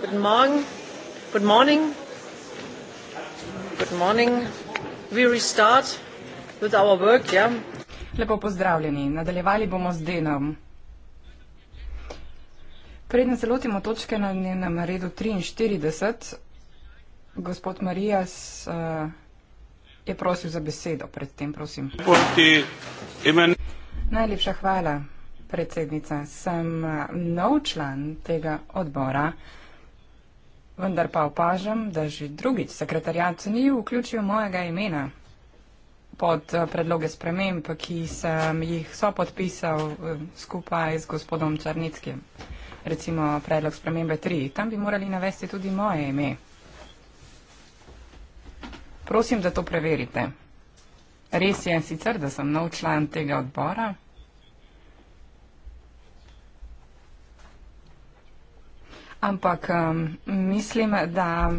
Guten Morgen. Good morning. Good morning. We restart with our work, yeah? Lepo pozdravljeni. Nadaljevali bomo z denom. Preden se lotimo točke na njenem redu 43, gospod Marijas uh, je prosil za besedo predtem, prosim. Najlepša hvala predsednica, sem eh, nov član tega odbora, vendar pa opažam, da že drugič sekretarjat ni vključil mojega imena pod eh, predloge sprememb, ki sem jih sopodpisal eh, skupaj z gospodom Črnickim. Recimo predlog spremembe 3. Tam bi morali navesti tudi moje ime. Prosim, da to preverite. Res je sicer, da sem nov član tega odbora. Ampak um, mislim, da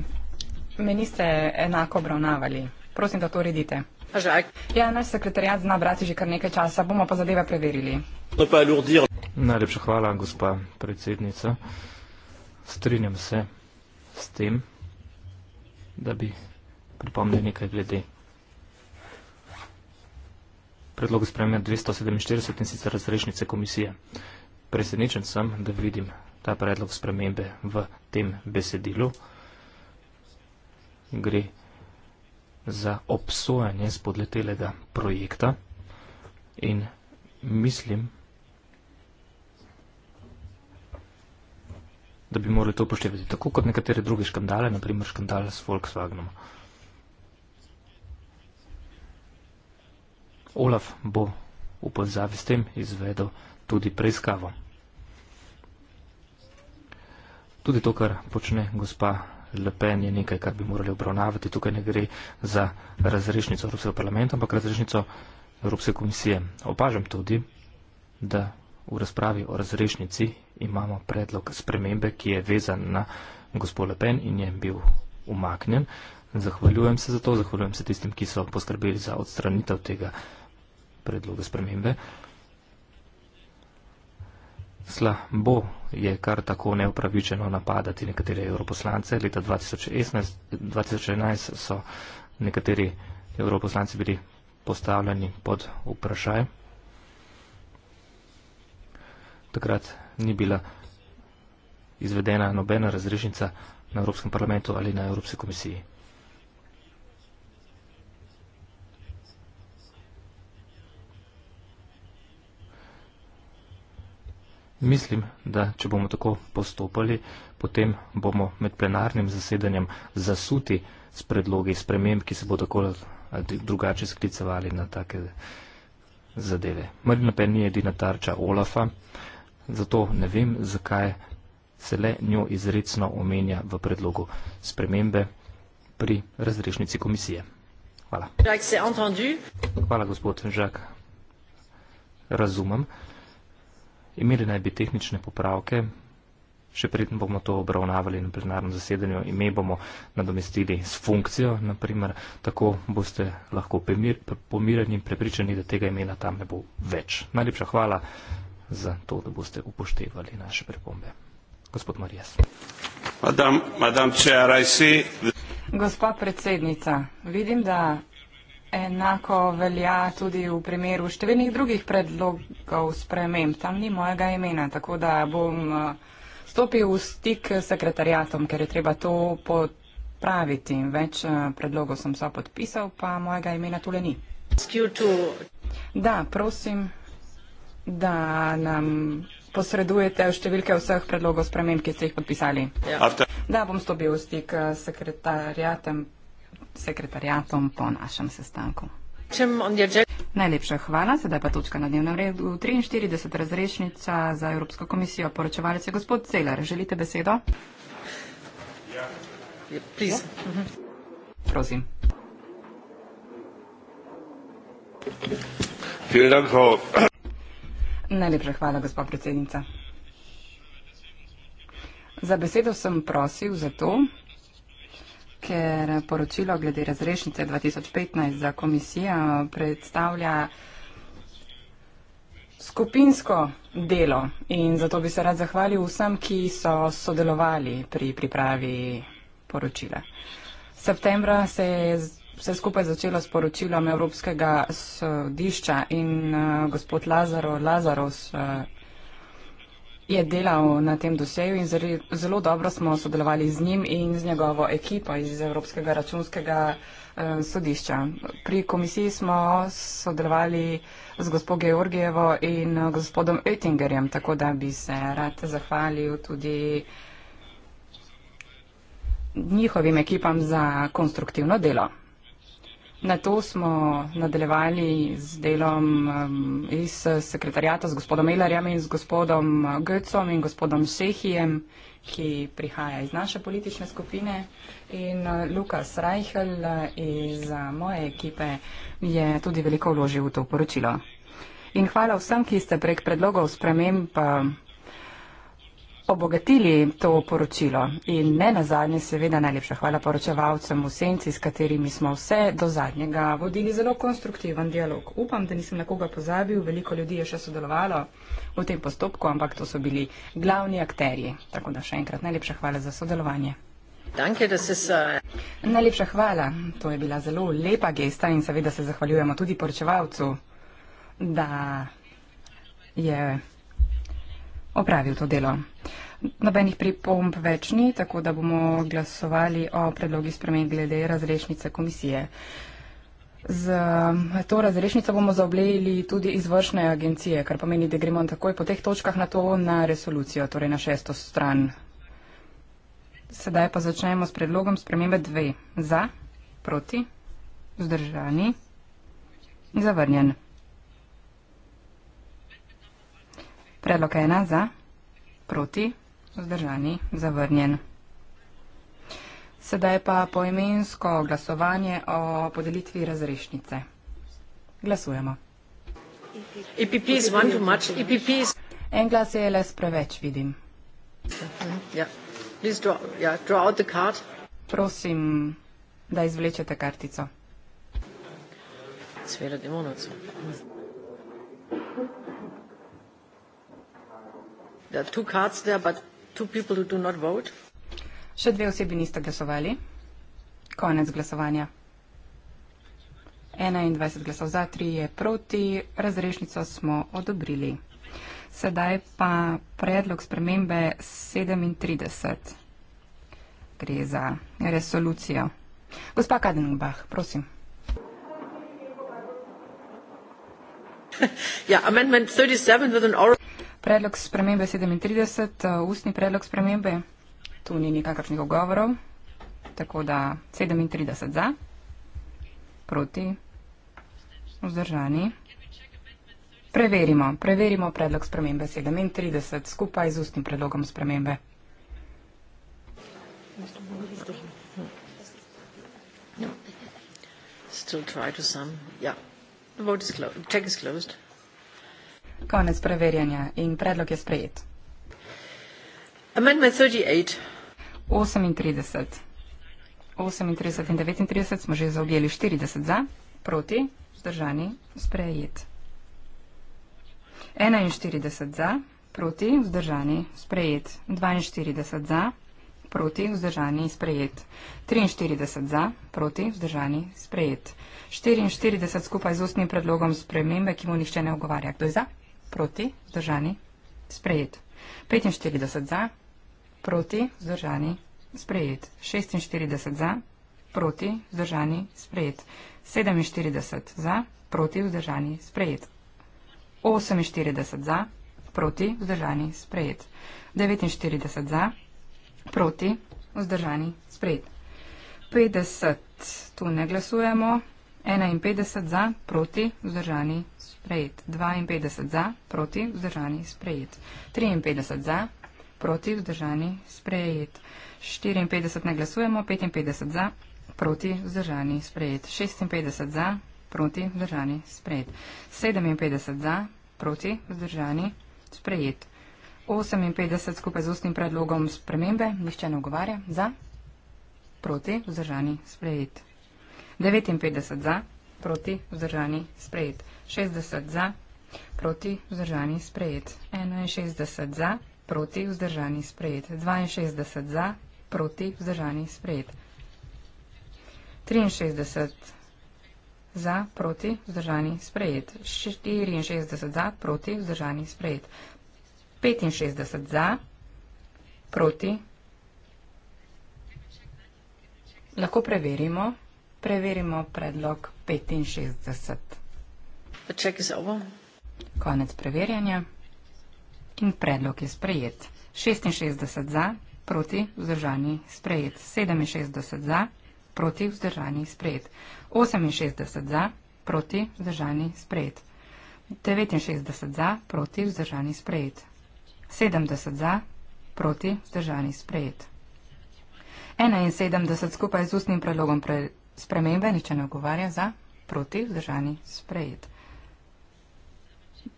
me niste enako obravnavali. Prosim, da to uredite. Ah, ja, naš sekretarjat zna brati že kar nekaj časa, bomo pa zadeve preverili. Najlepša hvala, gospa predsednica. Strinjam se s tem, da bi pripomnil nekaj glede. Predlog spremenja 247 in sicer razrešnice komisije. Presenečen sem, da vidim ta predlog spremembe v tem besedilu. Gre za obsojanje spodletelega projekta in mislim, da bi morali to upoštevati, tako kot nekatere druge škandale, naprimer škandale s Volkswagenom. Olaf bo upozavi s tem izvedel tudi preiskavo. Tudi to, kar počne gospa Le Pen, je nekaj, kar bi morali obravnavati. Tukaj ne gre za razrešnico Evropskega parlamenta, ampak razrešnico Evropske komisije. Opažam tudi, da v razpravi o razrešnici imamo predlog spremembe, ki je vezan na gospod Le Pen in je bil umaknjen. Zahvaljujem se za to, zahvaljujem se tistim, ki so poskrbeli za odstranitev tega predloga spremembe. Slabo je kar tako neupravičeno napadati nekatere europoslance. Leta 2011, 2011 so nekateri europoslanci bili postavljeni pod vprašaj. Takrat ni bila izvedena nobena razrešnica na Evropskem parlamentu ali na Evropski komisiji. Mislim, da če bomo tako postopali, potem bomo med plenarnim zasedanjem zasuti s predlogi sprememb, ki se bodo kolo drugače sklicevali na take zadeve. Mrdna pen ni edina tarča Olafa, zato ne vem, zakaj se le njo izrecno omenja v predlogu spremembe pri razrešnici komisije. Hvala. Hvala, gospod Žak. Razumem. Imeli naj bi tehnične popravke, še preden bomo to obravnavali na plenarnem zasedanju, ime bomo nadomestili s funkcijo, naprimer, tako boste lahko pomirjeni in prepričani, da tega imena tam ne bo več. Najlepša hvala za to, da boste upoštevali naše pripombe. Gospod Marijas. Madam, madam chair, I see... Gospa predsednica, vidim, da enako velja tudi v primeru številnih drugih predlogov sprememb. Tam ni mojega imena, tako da bom eh, stopil v stik s sekretarjatom, ker je treba to popraviti. Več eh, predlogov sem so podpisal, pa mojega imena tule ni. Da, prosim, da nam posredujete številke vseh predlogov sprememb, ki ste jih podpisali. Yeah. Ja. Da, bom stopil v stik eh, s sekretarjatom sekretarjatom po našem sestanku. Najlepša hvala, sedaj pa točka na dnevnem redu. 43 razrešnica za Evropsko komisijo, poročevalec je gospod Celer. Želite besedo? Ja. Ja. Mhm. Mhm. Prosim. Najlepša hvala, gospa predsednica. Za besedo sem prosil zato, ker poročilo glede razrešnice 2015 za komisijo predstavlja skupinsko delo in zato bi se rad zahvalil vsem, ki so sodelovali pri pripravi poročila. Septembra se je vse skupaj začelo s poročilom Evropskega sodišča in eh, gospod Lazaro Lazaros eh, je delal na tem doseju in zelo dobro smo sodelovali z njim in z njegovo ekipo iz Evropskega računskega eh, sodišča. Pri komisiji smo sodelovali z gospod Georgijevo in eh, gospodom Oettingerjem, tako da bi se rad zahvalil tudi njihovim ekipam za konstruktivno delo. Na to smo nadaljevali z delom um, iz sekretarjata z gospodom Elarjem in z gospodom uh, Götzom in gospodom Šehijem, ki prihaja iz naše politične skupine. In uh, Lukas Reichel uh, iz moje ekipe je tudi veliko vložil v to poročilo. In hvala vsem, ki ste prek predlogov sprememb um, obogatili to poročilo. In ne nazadnje, seveda najlepša hvala poročevalcem v senci, s katerimi smo vse do zadnjega vodili zelo konstruktiven dialog. Upam, da nisem na koga pozabil, veliko ljudi je še sodelovalo v tem postopku, ampak to so bili glavni akterji. Tako da še enkrat najlepša hvala za sodelovanje. Danke, äh, najlepša hvala. To je bila zelo lepa gesta in seveda se zahvaljujemo tudi poročevalcu, da je. Yeah opravil to delo. Nobenih pripomb več ni, tako da bomo glasovali o predlogi spremen glede razrešnice komisije. Z to razrešnico bomo zaoblejili tudi izvršne agencije, kar pomeni, da gremo takoj po teh točkah na to na resolucijo, torej na šesto stran. Sedaj pa začnemo s predlogom spremembe dve. Za, proti, vzdržani, zavrnjen. Predlog ena za, proti, vzdržani, zavrnjen. Sedaj pa poimensko glasovanje o podelitvi razrešnice. Glasujemo. EPP is one too much. EPP is... En glas je le spreveč, vidim. Yeah. Ja. Draw, yeah, ja, draw out the card. Prosim, da izvlečete kartico. Sveda demonovcev. There are two cards there, but two people who do not vote. Še dve osebi niste glasovali. Konec glasovanja. 21 glasov za, 3 je proti, razrešnico smo odobrili. Sedaj pa predlog spremembe 37. Gre za resolucijo. Gospa Kadenbach, prosim. Ja, amendment 37 with an oral. Predlog spremembe 37, eh, ustni predlog spremembe, tu ni nikakršnih ogovorov, tako da 37 za, proti, vzdržani. Preverimo, preverimo predlog spremembe 37 skupaj z ustnim predlogom spremembe. No. Still try to some. Yeah. The vote is closed. Check is closed. Konec preverjanja in predlog je sprejet. Amendment 38. 38. 38 in 39 smo že zaobjeli 40 za, proti, vzdržani, sprejet. 41 za, proti, vzdržani, sprejet. 42 za, proti, vzdržani, sprejet. 43 za, proti, vzdržani, sprejet. 44 skupaj z ustnim predlogom spremembe, ki mu nihče ne ogovarja. Kdo je za? proti, zdržani, sprejet. 45 za, proti, zdržani, sprejet. 46 za, proti, zdržani, sprejet. 47 za, proti, vzdržani, sprejet. 48 za, proti, vzdržani, sprejet. 49 za, proti, vzdržani, sprejet. 50, tu ne glasujemo, 51 za, proti, vzdržani, sprejet. 52 za, proti, vzdržani, sprejet. 53 za, proti, vzdržani, sprejet. 54 ne glasujemo, 55 za, proti, vzdržani, sprejet. 56 za, proti, vzdržani, sprejet. 57 za, proti, vzdržani, sprejet. 58 skupaj z ustnim predlogom spremembe, nišče ne ogovarja, za, proti, vzdržani, sprejet. 59 za, proti, vzdržani, sprejet. 60 za, proti, vzdržani, sprejet. 61 za, proti, vzdržani, sprejet. 62 za, proti, vzdržani, sprejet. 63 za, proti, vzdržani, sprejet. 64 za, proti, vzdržani, sprejet. 65 za, proti, lahko preverimo, Preverimo predlog 65. Ček za ovo. Konec preverjanja. In predlog je sprejet. 66 za, proti vzdržani sprejet. 67 za, proti vzdržani sprejet. 68 za, proti vzdržani sprejet. 69 za, proti vzdržani sprejet. 70 za, proti vzdržani sprejet. 71 skupaj z ustnim predlogom pre spremembe, niče ne ogovarja za, proti, vzdržani, sprejet.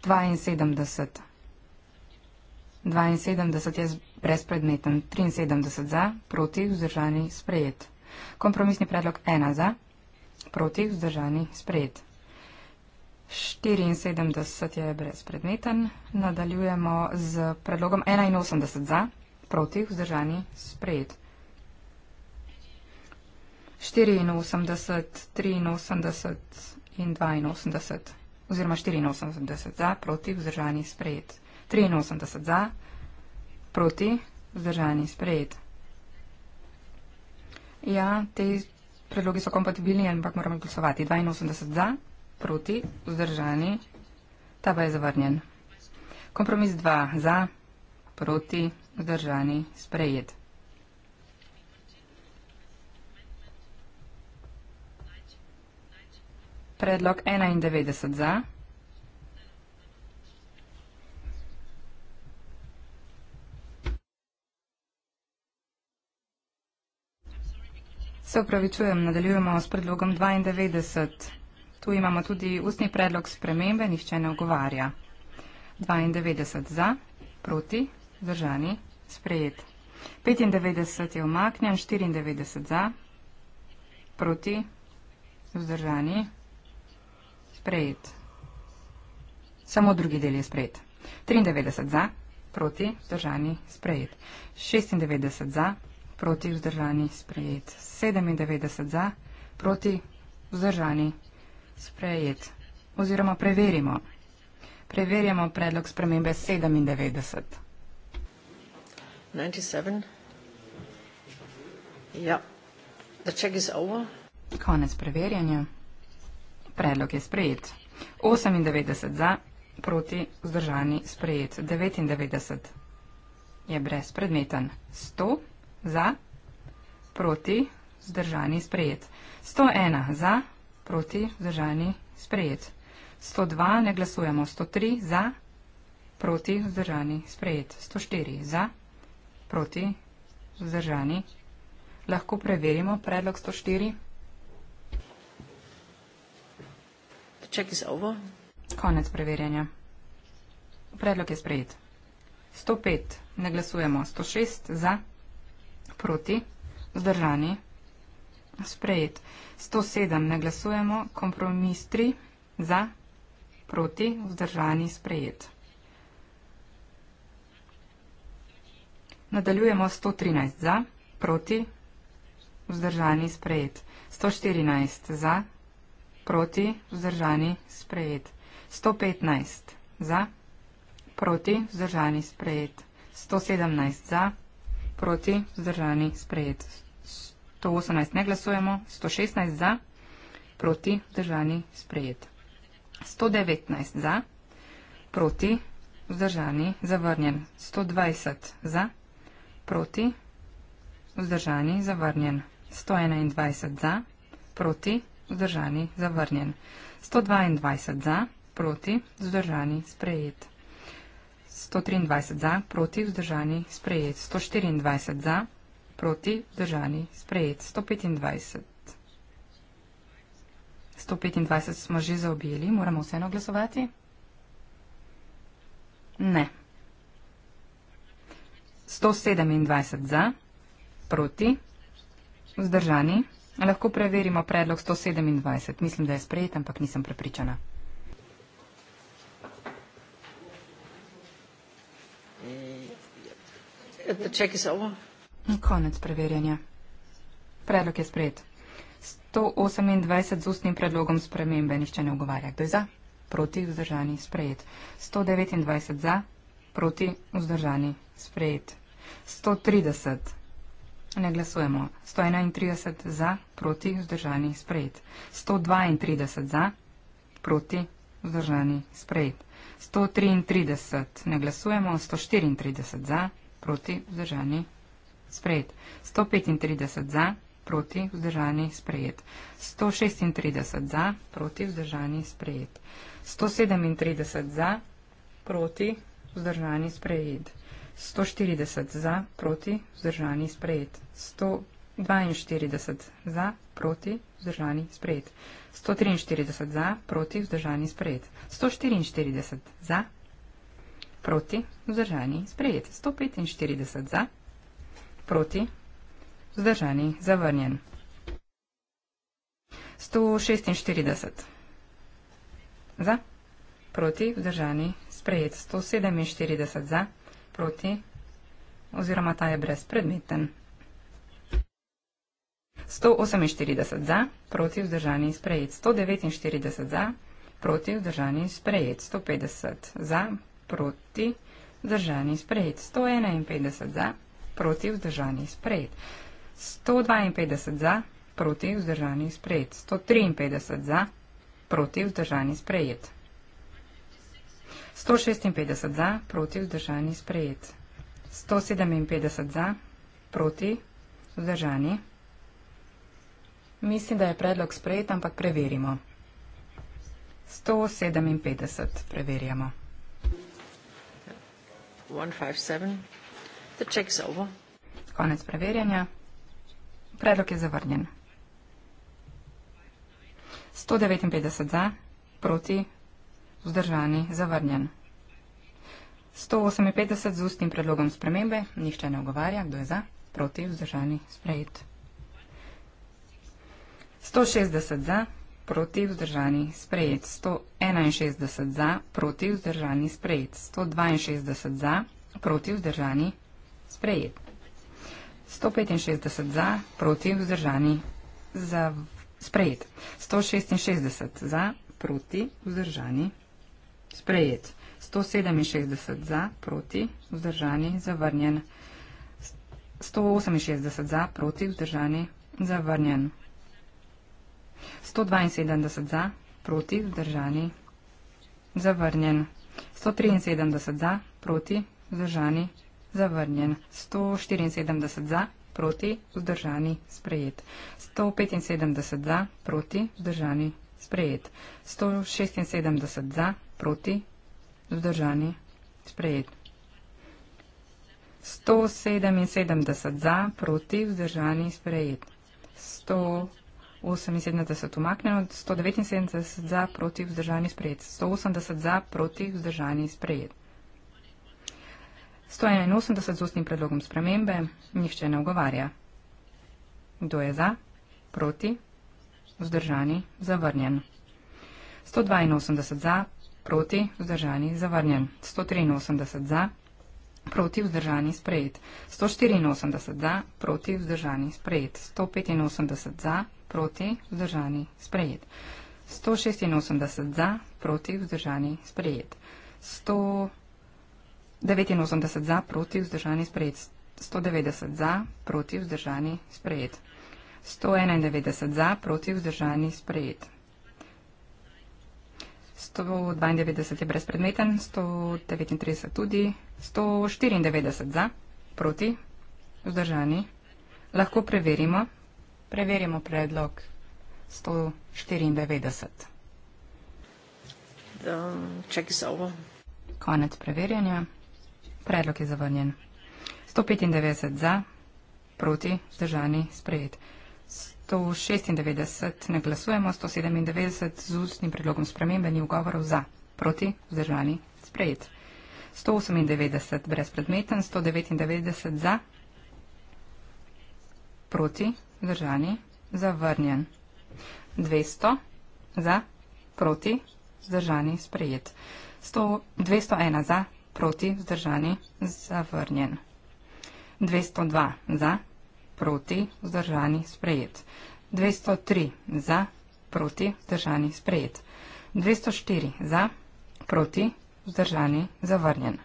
72. 72 je brezpredmeten, 73 za, proti, vzdržani, sprejet. Kompromisni predlog 1 za, proti, vzdržani, sprejet. 74 je brezpredmeten, nadaljujemo z predlogom 81 za, proti, vzdržani, sprejet. 84, 83 in 82, oziroma 84 za, proti, vzdržani, sprejet. 83 za, proti, vzdržani, sprejet. Ja, te predlogi so kompatibilni, ampak moramo glasovati. 82 za, proti, vzdržani, ta pa je zavrnjen. Kompromis 2 za, proti, vzdržani, sprejet. Predlog 91 za. Se upravičujem, nadaljujemo s predlogom 92. Tu imamo tudi ustni predlog spremembe, nihče ne ogovarja. 92 za, proti, zdržani, sprejet. 95 je omaknjen, 94 za, proti, vzdržani, sprejet. Samo drugi del je sprejet. 93 za, proti, vzdržani, sprejet. 96 za, proti, vzdržani, sprejet. 97 za, proti, vzdržani, sprejet. Oziroma preverimo. Preverjamo predlog spremembe 97. 97. Ja. Yep. The check is over. Konec preverjanja. Predlog je sprejet. 98 za, proti vzdržani sprejet. 99 je brezpredmeten. 100 za, proti vzdržani sprejet. 101 za, proti vzdržani sprejet. 102 ne glasujemo. 103 za, proti vzdržani sprejet. 104 za, proti vzdržani. Lahko preverimo predlog 104. Check is over. Konec preverjanja. Predlog je sprejet. 105 ne glasujemo, 106 za, proti, zdržani, sprejet. 107 ne glasujemo, kompromis 3 za, proti, vzdržani, sprejet. Nadaljujemo 113 za, proti, vzdržani, sprejet. 114 za, proti, vzdržani, sprejet. 115 za, proti, vzdržani, sprejet. 117 za, proti, vzdržani, sprejet. 118 ne glasujemo, 116 za, proti, vzdržani, sprejet. 119 za, proti, vzdržani, zavrnjen. 120 za, proti, vzdržani, zavrnjen. 121 za, proti, vzdržani, zavrnjen vzdržani, zavrnjen. 122 za, proti, vzdržani, sprejet. 123 za, proti, vzdržani, sprejet. 124 za, proti, vzdržani, sprejet. 125. 125 smo že zaobjeli, moramo vseeno glasovati? Ne. 127 za, proti, vzdržani, sprejet. Lahko preverimo predlog 127. Mislim, da je sprejet, ampak nisem prepričana. Mm, Konec preverjanja. Predlog je sprejet. 128 z ustnim predlogom spremembe nišče ne ogovarja. Kdo je za? Proti vzdržani sprejet. 129 za? Proti vzdržani sprejet. 130. Ne glasujemo. 131 za, proti, vzdržani, sprejet. 132 za, proti, vzdržani, sprejet. 133 ne glasujemo. 134 za, proti, vzdržani, sprejet. 135 za, proti, vzdržani, sprejet. 136 za, proti, vzdržani, sprejet. 137 za, proti, vzdržani, sprejet. 137 za, proti, vzdržani, sprejet. 140 za, proti, vzdržani, sprejet. 142 za, proti, vzdržani, sprejet. 143 za, proti, vzdržani, sprejet. 144 za, proti, vzdržani, sprejet. 145 za, proti, vzdržani, zavrnjen. 146 za, proti, vzdržani, sprejet. 147 za, proti, vzdržani, sprejet proti oziroma ta je brezpredmeten. 148 za, proti vzdržani in sprejet. 149 za, proti vzdržani in sprejet. 150 za, proti vzdržani in sprejet. 151 za, proti vzdržani in sprejet. 152 za, proti vzdržani in sprejet. 153 za, proti vzdržani in sprejet. 156 za, proti vzdržani sprejet. 157 za, proti vzdržani. Mislim, da je predlog sprejet, ampak preverimo. 157 preverjamo. 157. Konec preverjanja. Predlog je zavrnjen. 159 za, proti vzdržani, zavrnjen. 158 z ustnim predlogom spremembe, nišče ne ogovarja, kdo je za, proti, vzdržani, sprejet. 160 za, proti, vzdržani, sprejet. 161 za, proti, vzdržani, sprejet. 162 za, proti, vzdržani, sprejet. 165 za, proti, vzdržani, za, sprejet. 166 za, proti, vzdržani, sprejet. Sprejet. 167 za, proti, vzdržani, zavrnjen. 168 za, proti, vzdržani, zavrnjen. 172 za, proti, vzdržani, zavrnjen. 173 za, proti, vzdržani, zavrnjen. 174 za, proti, vzdržani, sprejet. 175 za, proti, vzdržani, sprejet. 176 za, proti, vzdržani, sprejet. 176 za, proti, vzdržani, sprejet. 177 za, proti, vzdržani, sprejet. 178 umaknjeno, 179 za, proti, vzdržani, sprejet. 180 za, proti, vzdržani, sprejet. 181 z ustnim predlogom spremembe, nihče ne ogovarja. Kdo je za, proti, vzdržani, zavrnjen. 182 za, proti, vzdržani, zavrnjen, 183 za, proti, vzdržani, sprejet, 184 za, proti, vzdržani, sprejet, 185 za, proti, vzdržani, sprejet, 186 za, proti, vzdržani, sprejet, 189 za, proti, vzdržani, sprejet, 190 za, proti, vzdržani, sprejet. 191 za, proti, vzdržani, sprejet. 192 je brezpredmeten, 139 tudi, 194 za, proti, vzdržani. Lahko preverimo. Preverimo predlog 194. Ček za ovo. Konec preverjanja. Predlog je zavrnjen. 195 za, proti, vzdržani, sprejet. 196 ne glasujemo, 197 z ustnim predlogom spremembe ni ugovorov za, proti, vzdržani, sprejet. 198 brezpredmeten, 199 za, proti, vzdržani, zavrnjen. 200 za, proti, vzdržani, sprejet. 201 za, proti, vzdržani, zavrnjen. 202 za, proti, vzdržani, sprejet proti, vzdržani, sprejet. 203 za, proti, vzdržani, sprejet. 204 za, proti, vzdržani, zavrnjen.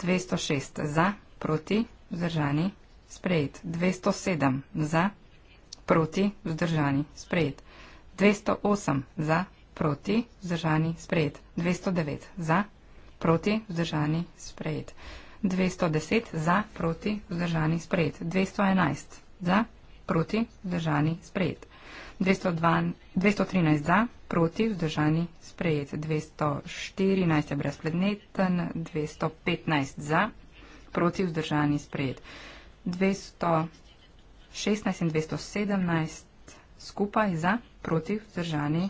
206 za, proti, vzdržani, sprejet. 207 za, proti, vzdržani, sprejet. 208 za, proti, vzdržani, sprejet. 209 za, proti, vzdržani, sprejet. 210 za, proti, vzdržani, sprejet. 211 za, proti, vzdržani, sprejet. 212, 213 za, proti, vzdržani, sprejet. 214 je brezpredmeten, 215 za, proti, vzdržani, sprejet. 216 in 217 skupaj za, proti, vzdržani,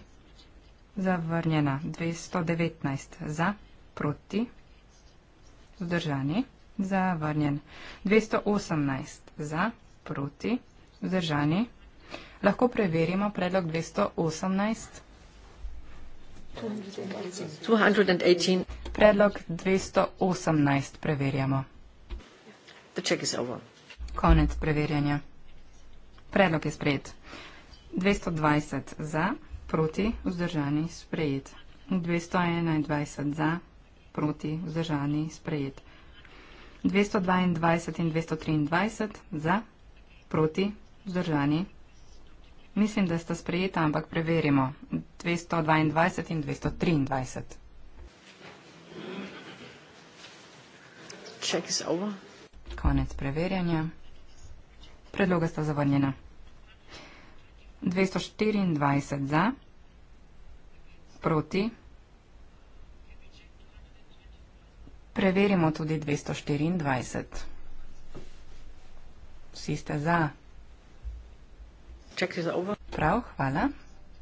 zavrnjena. 219 za, proti, vzdržani, zavrnjen. 218 za, proti, vzdržani. Lahko preverimo predlog 218. 218. Predlog 218 preverjamo. Konec preverjanja. Predlog je sprejet. 220 za, proti, vzdržani, sprejet. 221 za, proti vzdržani sprejet. 222 in 223 za, proti vzdržani. Mislim, da sta sprejeta, ampak preverimo. 222 in 223. Check is over. Konec preverjanja. Predloga sta zavrnjena. 224 za, proti vzdržani. Preverimo tudi 224. Vsi ste za. Čekaj za ovo. Prav, hvala.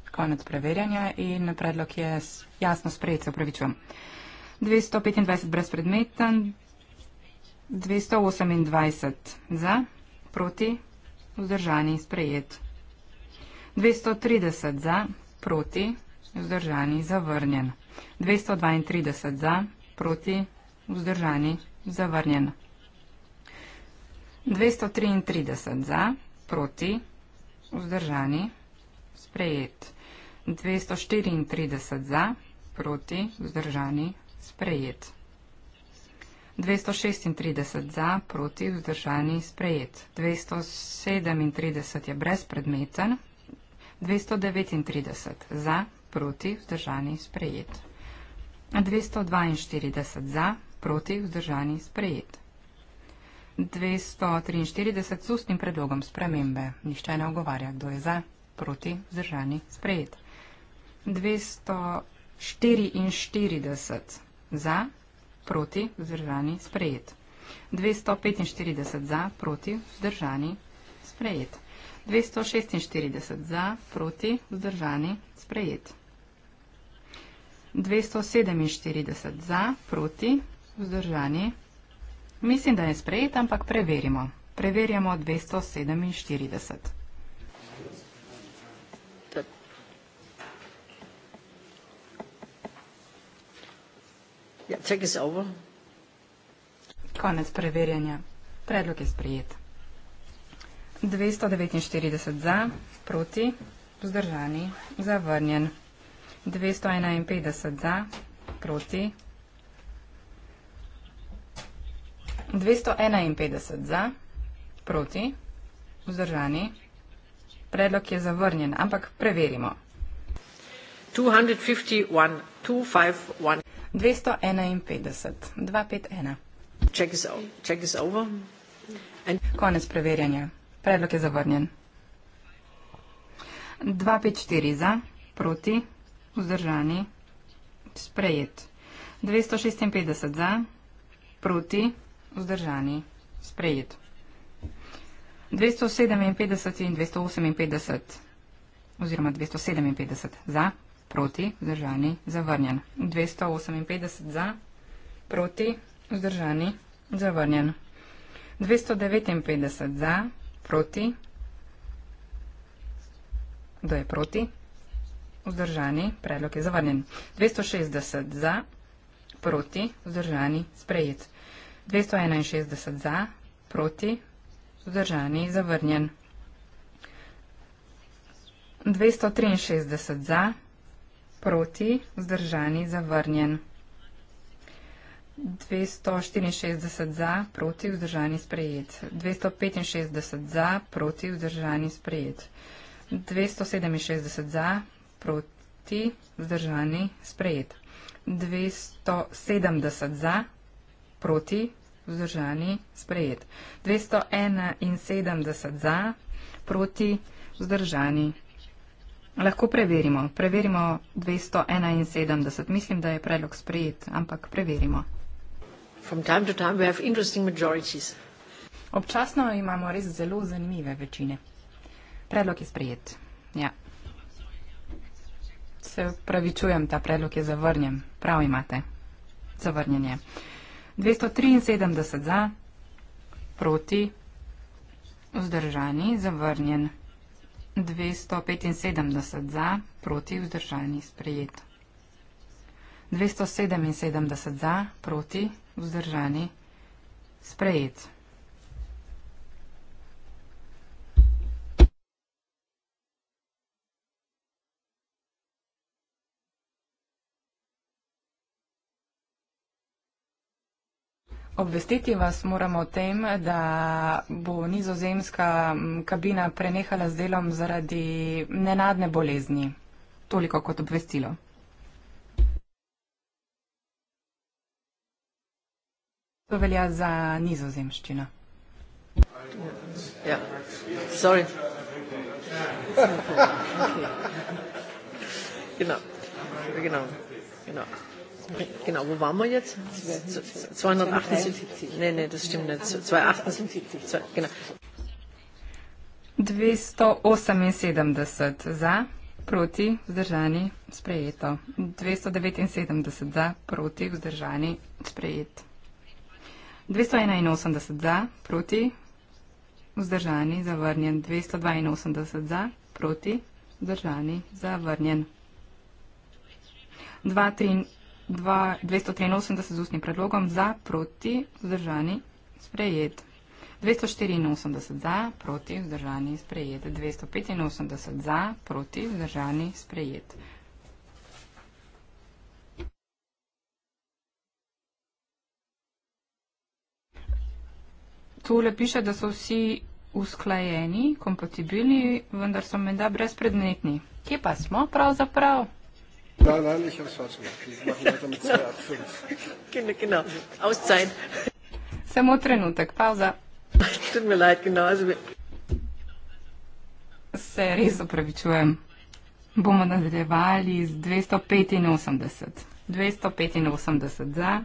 Konec preverjanja in predlog je jasno sprejet, se upravičujem. 225 brezpredmeten, 228 za, proti, vzdržani, sprejet. 230 za, proti, vzdržani, zavrnjen. 232 za, proti, vzdržani, zavrnjen. 233 za, proti, vzdržani, sprejet. 234 za, proti, vzdržani, sprejet. 236 za, proti, vzdržani, sprejet. 237 je brezpredmeten. 239 za, proti, vzdržani, sprejet. 242 za, proti vzdržani sprejet. 243 s ustnim predlogom spremembe. Nišče ne ogovarja, kdo je za, proti vzdržani sprejet. 244 za, proti vzdržani sprejet. 245 za, proti vzdržani sprejet. 246 za, proti vzdržani sprejet. 247 za, proti Vzdržani. Mislim, da je sprejet, ampak preverimo. Preverjamo 247. Ja, Konec preverjanja. Predlog je sprejet. 249 za, proti, vzdržani, zavrnjen. 251 za, proti, vzdržani. 251 za, proti, vzdržani. Predlog je zavrnjen, ampak preverimo. 251, 251. Check is over. And... Konec preverjanja. Predlog je zavrnjen. 254 za, proti, vzdržani, sprejet. 256 za, proti, Vzdržani. Sprejet. 257 in 258 oziroma 257 za, proti, vzdržani, zavrnjen. 258 za, proti, vzdržani, zavrnjen. 259 za, proti, da je proti, vzdržani, predlog je zavrnjen. 260 za, proti, vzdržani, sprejet. 261. 261 za, proti, vzdržani, zavrnjen. 263 za, proti, vzdržani, zavrnjen. 264 za, proti, vzdržani, sprejet. 265 za, proti, vzdržani, sprejet. 267 za, proti, vzdržani, sprejet. 270 za, proti, vzdržani, sprejet. 271 za, proti, vzdržani. Lahko preverimo. Preverimo 271. Mislim, da je predlog sprejet, ampak preverimo. Občasno imamo res zelo zanimive večine. Predlog je sprejet. Ja. Se pravičujem, ta predlog je zavrnjen. Prav imate. Zavrnjen je. 273 za, proti, vzdržani, zavrnjen. 275 za, proti, vzdržani, sprejet. 277 za, proti, vzdržani, sprejet. Obvestiti vas moramo o tem, da bo nizozemska kabina prenehala z delom zaradi nenadne bolezni. Toliko kot obvestilo. To velja za nizozemščino. Ja, yeah. sorry. Okay. You know, you know, you know. Genau, wo waren wir jetzt? 278. Nein, nein, das stimmt nicht. 278. Genau. 278 za, proti, vzdržani, sprejeto. 279 za, proti, vzdržani, sprejet. 281 za, proti, vzdržani, zavrnjen. 282 za, proti, vzdržani, zavrnjen. 283 z ustnim predlogom za, proti, vzdržani, sprejet. 284 za, proti, vzdržani, sprejet. 285 za, proti, vzdržani, sprejet. Tule piše, da so vsi usklajeni, kompatibilni, vendar so med da brezpredmetni. Kje pa smo pravzaprav? Kje pa smo pravzaprav? Nein, nein, ich habe es falsch gemacht. Wir machen weiter mit 2 ab 5. Genau, Auszeit. Samo trenutek, pauza. Tut mir leid, genau. Also Se res opravičujem. Bomo nadaljevali z 285. 285 za,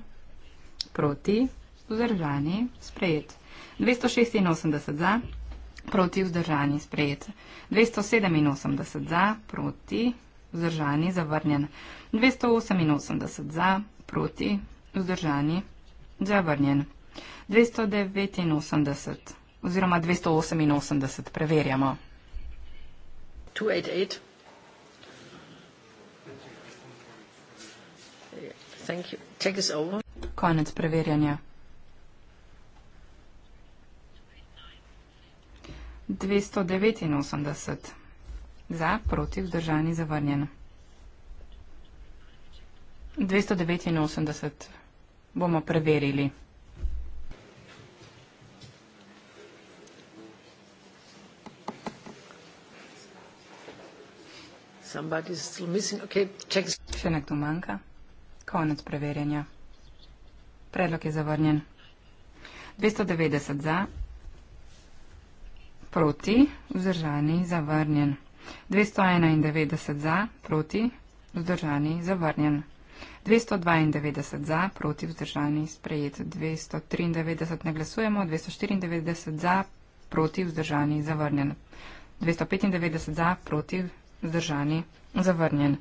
proti, vzdržani, sprejet. 286 za, proti, vzdržani, sprejet. 287 za, proti, vzdržani, zavrnjen. 288 za, proti, vzdržani, zavrnjen. 289 oziroma 288 preverjamo. 288. Konec preverjanja. 289 za, proti, vzdržani, zavrnjen. 289 bomo preverili. Okay, Še nekdo manjka. Konec preverjanja. Predlog je zavrnjen. 290 za, proti, vzdržani, zavrnjen. 291 za, proti, vzdržani, zavrnjen. 292 za, proti, vzdržani, sprejet. 293 ne glasujemo, 294 za, proti, vzdržani, zavrnjen. 295 za, proti, vzdržani, zavrnjen.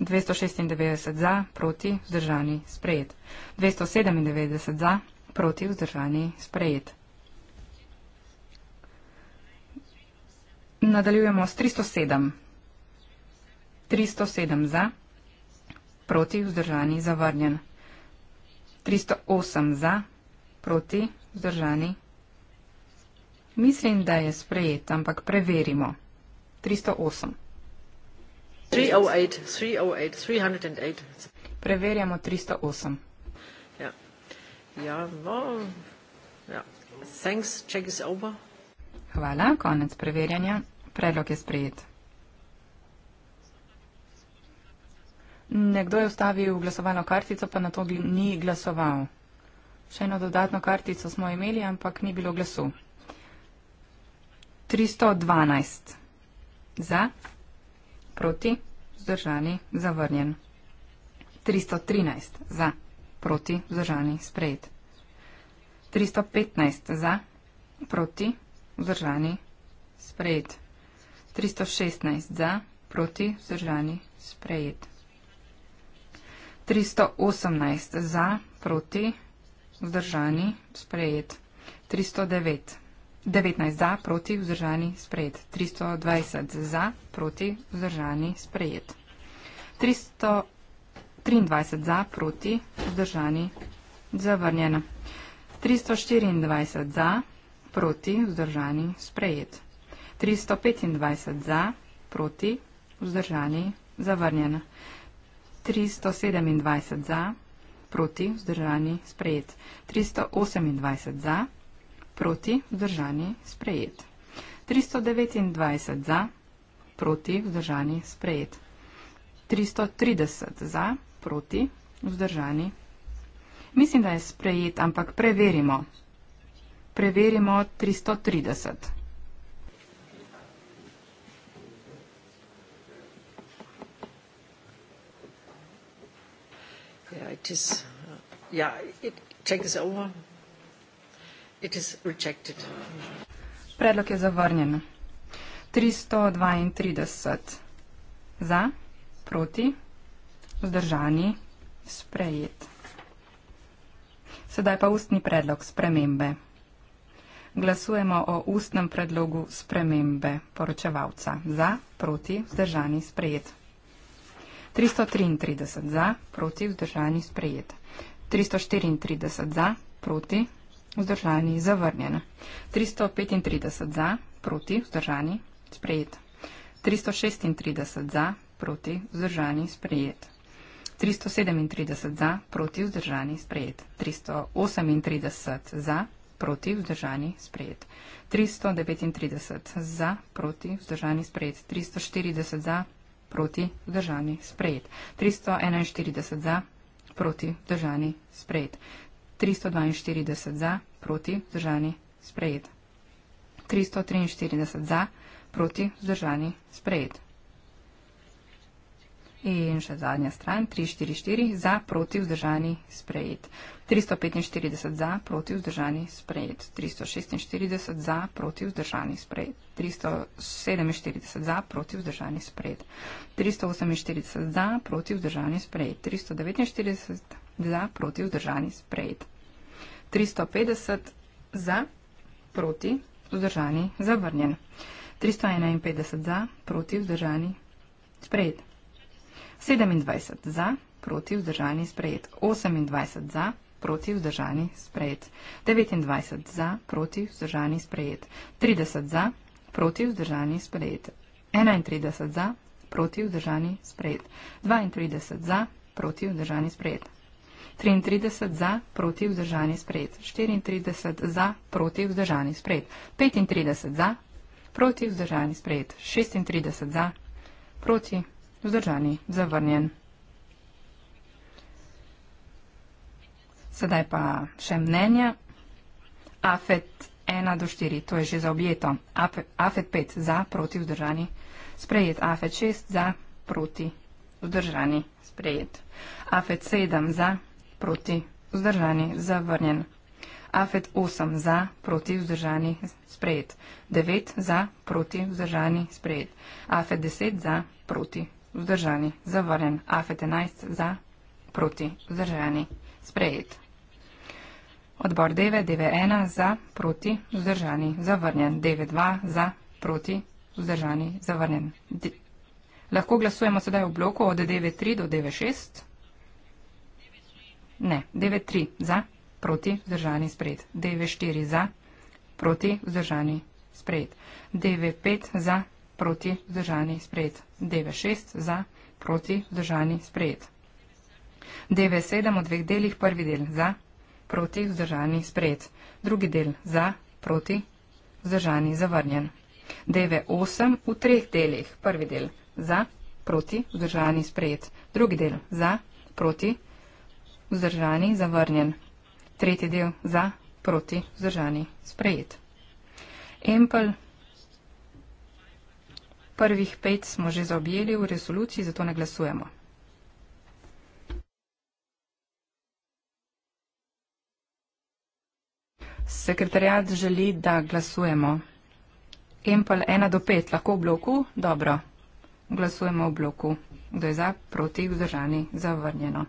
296 za, proti, vzdržani, sprejet. 297 za, proti, vzdržani, sprejet. Nadaljujemo s 307. 307 za, proti, vzdržani, zavrnjen. 308 za, proti, vzdržani. Mislim, da je sprejet, ampak preverimo. 308. 308, 308, 308. Preverjamo 308. Ja, ja, no, ja. Thanks, check is over. Hvala, konec preverjanja. Predlog je sprejet. Nekdo je ustavil glasovalno kartico, pa na to ni glasoval. Še eno dodatno kartico smo imeli, ampak ni bilo glasu. 312 za, proti, zdržani, zavrnjen. 313 za, proti, zdržani, sprejet. 315 za, proti, zdržani, sprejet. 316 za, proti, vzdržani, sprejet. 318 za, proti, vzdržani, sprejet. 309. 19 za, proti, vzdržani, sprejet. 320 za, proti, vzdržani, sprejet. 323 za, proti, vzdržani, zavrnjeno. 324 za, proti, vzdržani, sprejet. 325 za, proti, vzdržani, zavrnjen. 327 za, proti, vzdržani, sprejet. 328 za, proti, vzdržani, sprejet. 329 za, proti, vzdržani, sprejet. 330 za, proti, vzdržani. Mislim, da je sprejet, ampak preverimo. Preverimo 330. it is, uh, yeah, it takes over. It is rejected. Predlog je zavrnjen. 332 za, proti, vzdržani, sprejet. Sedaj pa ustni predlog spremembe. Glasujemo o ustnem predlogu spremembe poročevalca. Za, proti, vzdržani, sprejet. 333 za, proti, vzdržani, sprejet. 334 za, proti, vzdržani, zavrnjen. 335 za, proti, vzdržani, sprejet. 336 za, proti, vzdržani, sprejet. 337 za, proti, vzdržani, sprejet. 338 za, proti, vzdržani, sprejet. 339 za, proti, vzdržani, sprejet. 340 za, proti držani sprejet. 341 za, proti držani sprejet. 342 za, proti držani sprejet. 343 za, proti držani sprejet. In še zadnja stran, 344 za, proti vzdržani sprejet. 345 za, proti vzdržani sprejet. 346 za, proti vzdržani sprejet. 347 za, proti vzdržani sprejet. 348 za, proti vzdržani sprejet. 349 za, proti vzdržani sprejet. 350 za, proti vzdržani zavrnjen. 351 za, proti vzdržani sprejet. 27 za, proti vzdržani sprejet. 28 za, proti vzdržani sprejet. 29 za, proti vzdržani sprejet. 30 za, proti vzdržani sprejet. 31 za, proti vzdržani sprejet. 32 za, proti vzdržani sprejet. 33 za, proti vzdržani sprejet. 34 za, proti vzdržani sprejet. 35 za, proti vzdržani sprejet. 36 za, proti vzdržani sprejet. Vzdržani. Zavrnjen. Sedaj pa še mnenja. Afet 1 do 4, to je že za objeto. Afet 5 za, proti, vzdržani. Sprejet. Afet 6 za, proti, vzdržani. Sprejet. Afet 7 za, proti, vzdržani. Zavrnjen. Afet 8 za, proti, vzdržani. Sprejet. 9 za, proti, vzdržani. Sprejet. Afet 10 za, proti, vzdržani vzdržani, zavoren, afet 11 za, proti, vzdržani, sprejet. Odbor 9, 9, 1 za, proti, vzdržani, zavrnjen, 9, 2 za, proti, vzdržani, zavrnjen. De Lahko glasujemo sedaj v bloku od 9, 3 do 9, 6. Ne, 9, 3 za, proti, vzdržani, sprejet. 9, 4 za, proti, vzdržani, sprejet. 9, 5 za, proti vzdržani sprejet. DV6 za proti vzdržani sprejet. DV7 v dveh delih prvi del za proti vzdržani sprejet. Drugi del za proti vzdržani zavrnjen. DV8 v treh delih prvi del za proti vzdržani sprejet. Drugi del za proti vzdržani zavrnjen. Tretji del za proti vzdržani sprejet. Empel Prvih pet smo že zaobjeli v resoluciji, zato ne glasujemo. Sekretarjat želi, da glasujemo. Empel 1 do 5, lahko v bloku? Dobro. Glasujemo v bloku. Kdo je za, proti, vzdržani, zavrnjeno.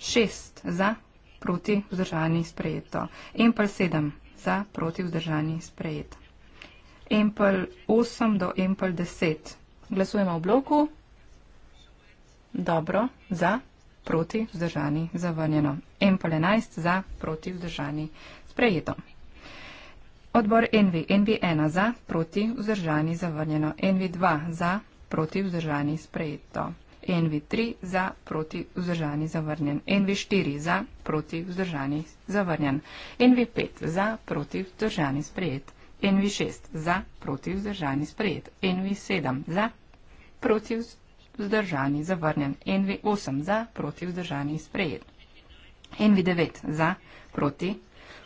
6 za, proti, vzdržani, sprejeto. Empel 7 za, proti, vzdržani, sprejeto. Empel 8 do Empel 10. Glasujemo v bloku. Dobro, za, proti, vzdržani, zavrnjeno. Empel 11 za, proti, vzdržani, sprejeto. Odbor NV, NV1 za, proti, vzdržani, zavrnjeno. NV2 za, proti, vzdržani, sprejeto. NV3 za, proti, vzdržani, zavrnjen. NV4 za, proti, vzdržani, zavrnjen. NV5 za, proti, vzdržani, sprejeto. NV6 za, proti vzdržani sprejet. NV7 za, proti vzdržani zavrnjen. NV8 za, proti vzdržani sprejet. NV9 za, proti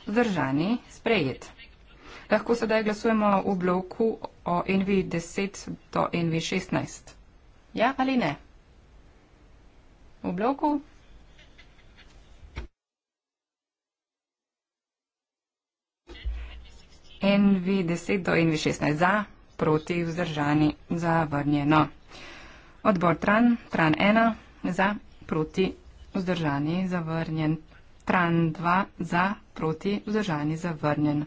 vzdržani sprejet. Lahko sedaj glasujemo v bloku o NV10 do NV16. Ja ali ne? V bloku NV10 do NV16 za, proti vzdržani zavrnjeno. Odbor TRAN, TRAN 1 za, proti vzdržani zavrnjen. TRAN 2 za, proti vzdržani zavrnjen.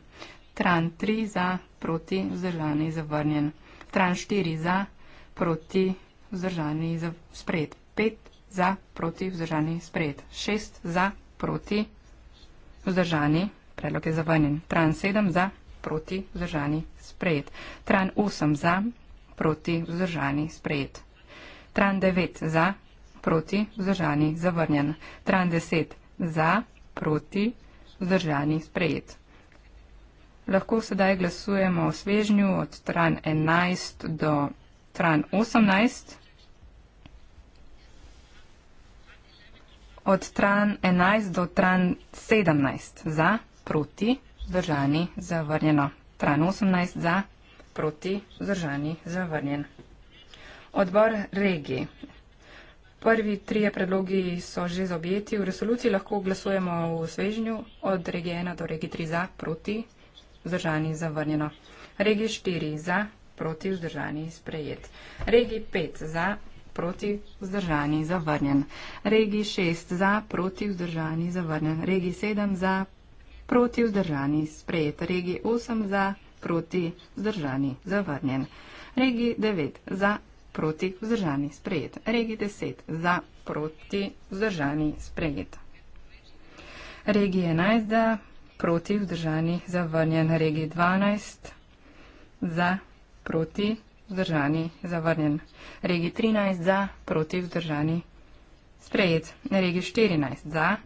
TRAN 3 za, proti vzdržani zavrnjen. TRAN 4 za, proti vzdržani spred. 5 za, proti vzdržani spred. 6 za, proti vzdržani. Predlog je zavrnjen. TRAN 7 za, proti vzdržani spred proti vzdržani sprejet. Tran 8 za, proti vzdržani sprejet. Tran 9 za, proti vzdržani zavrnjen. Tran 10 za, proti vzdržani sprejet. Lahko sedaj glasujemo o svežnju od tran 11 do tran 18. Od tran 11 do tran 17 za, proti vzdržani, zavrnjeno. Tran 18 za, proti, vzdržani, zavrnjen. Odbor regij. Prvi trije predlogi so že zobjeti. V resoluciji lahko glasujemo v svežnju od regije 1 do regije 3 za, proti, vzdržani, zavrnjeno. Regije 4 za, proti, vzdržani, sprejet. Regije 5 za, proti, vzdržani, zavrnjen. Regije 6 za, proti, vzdržani, zavrnjen. Regije 7 za, proti, vzdržani, zavrnjen proti vzdržani, sprejet regi 8 za, proti vzdržani, zavrnjen. Regi 9 za, proti vzdržani, sprejet. Regi 10 za, proti vzdržani, sprejet. Regi 11 za, proti vzdržani, zavrnjen. Regi 12 za, proti vzdržani, zavrnjen. Regi 13 za, proti vzdržani, sprejet. Regi 14 za,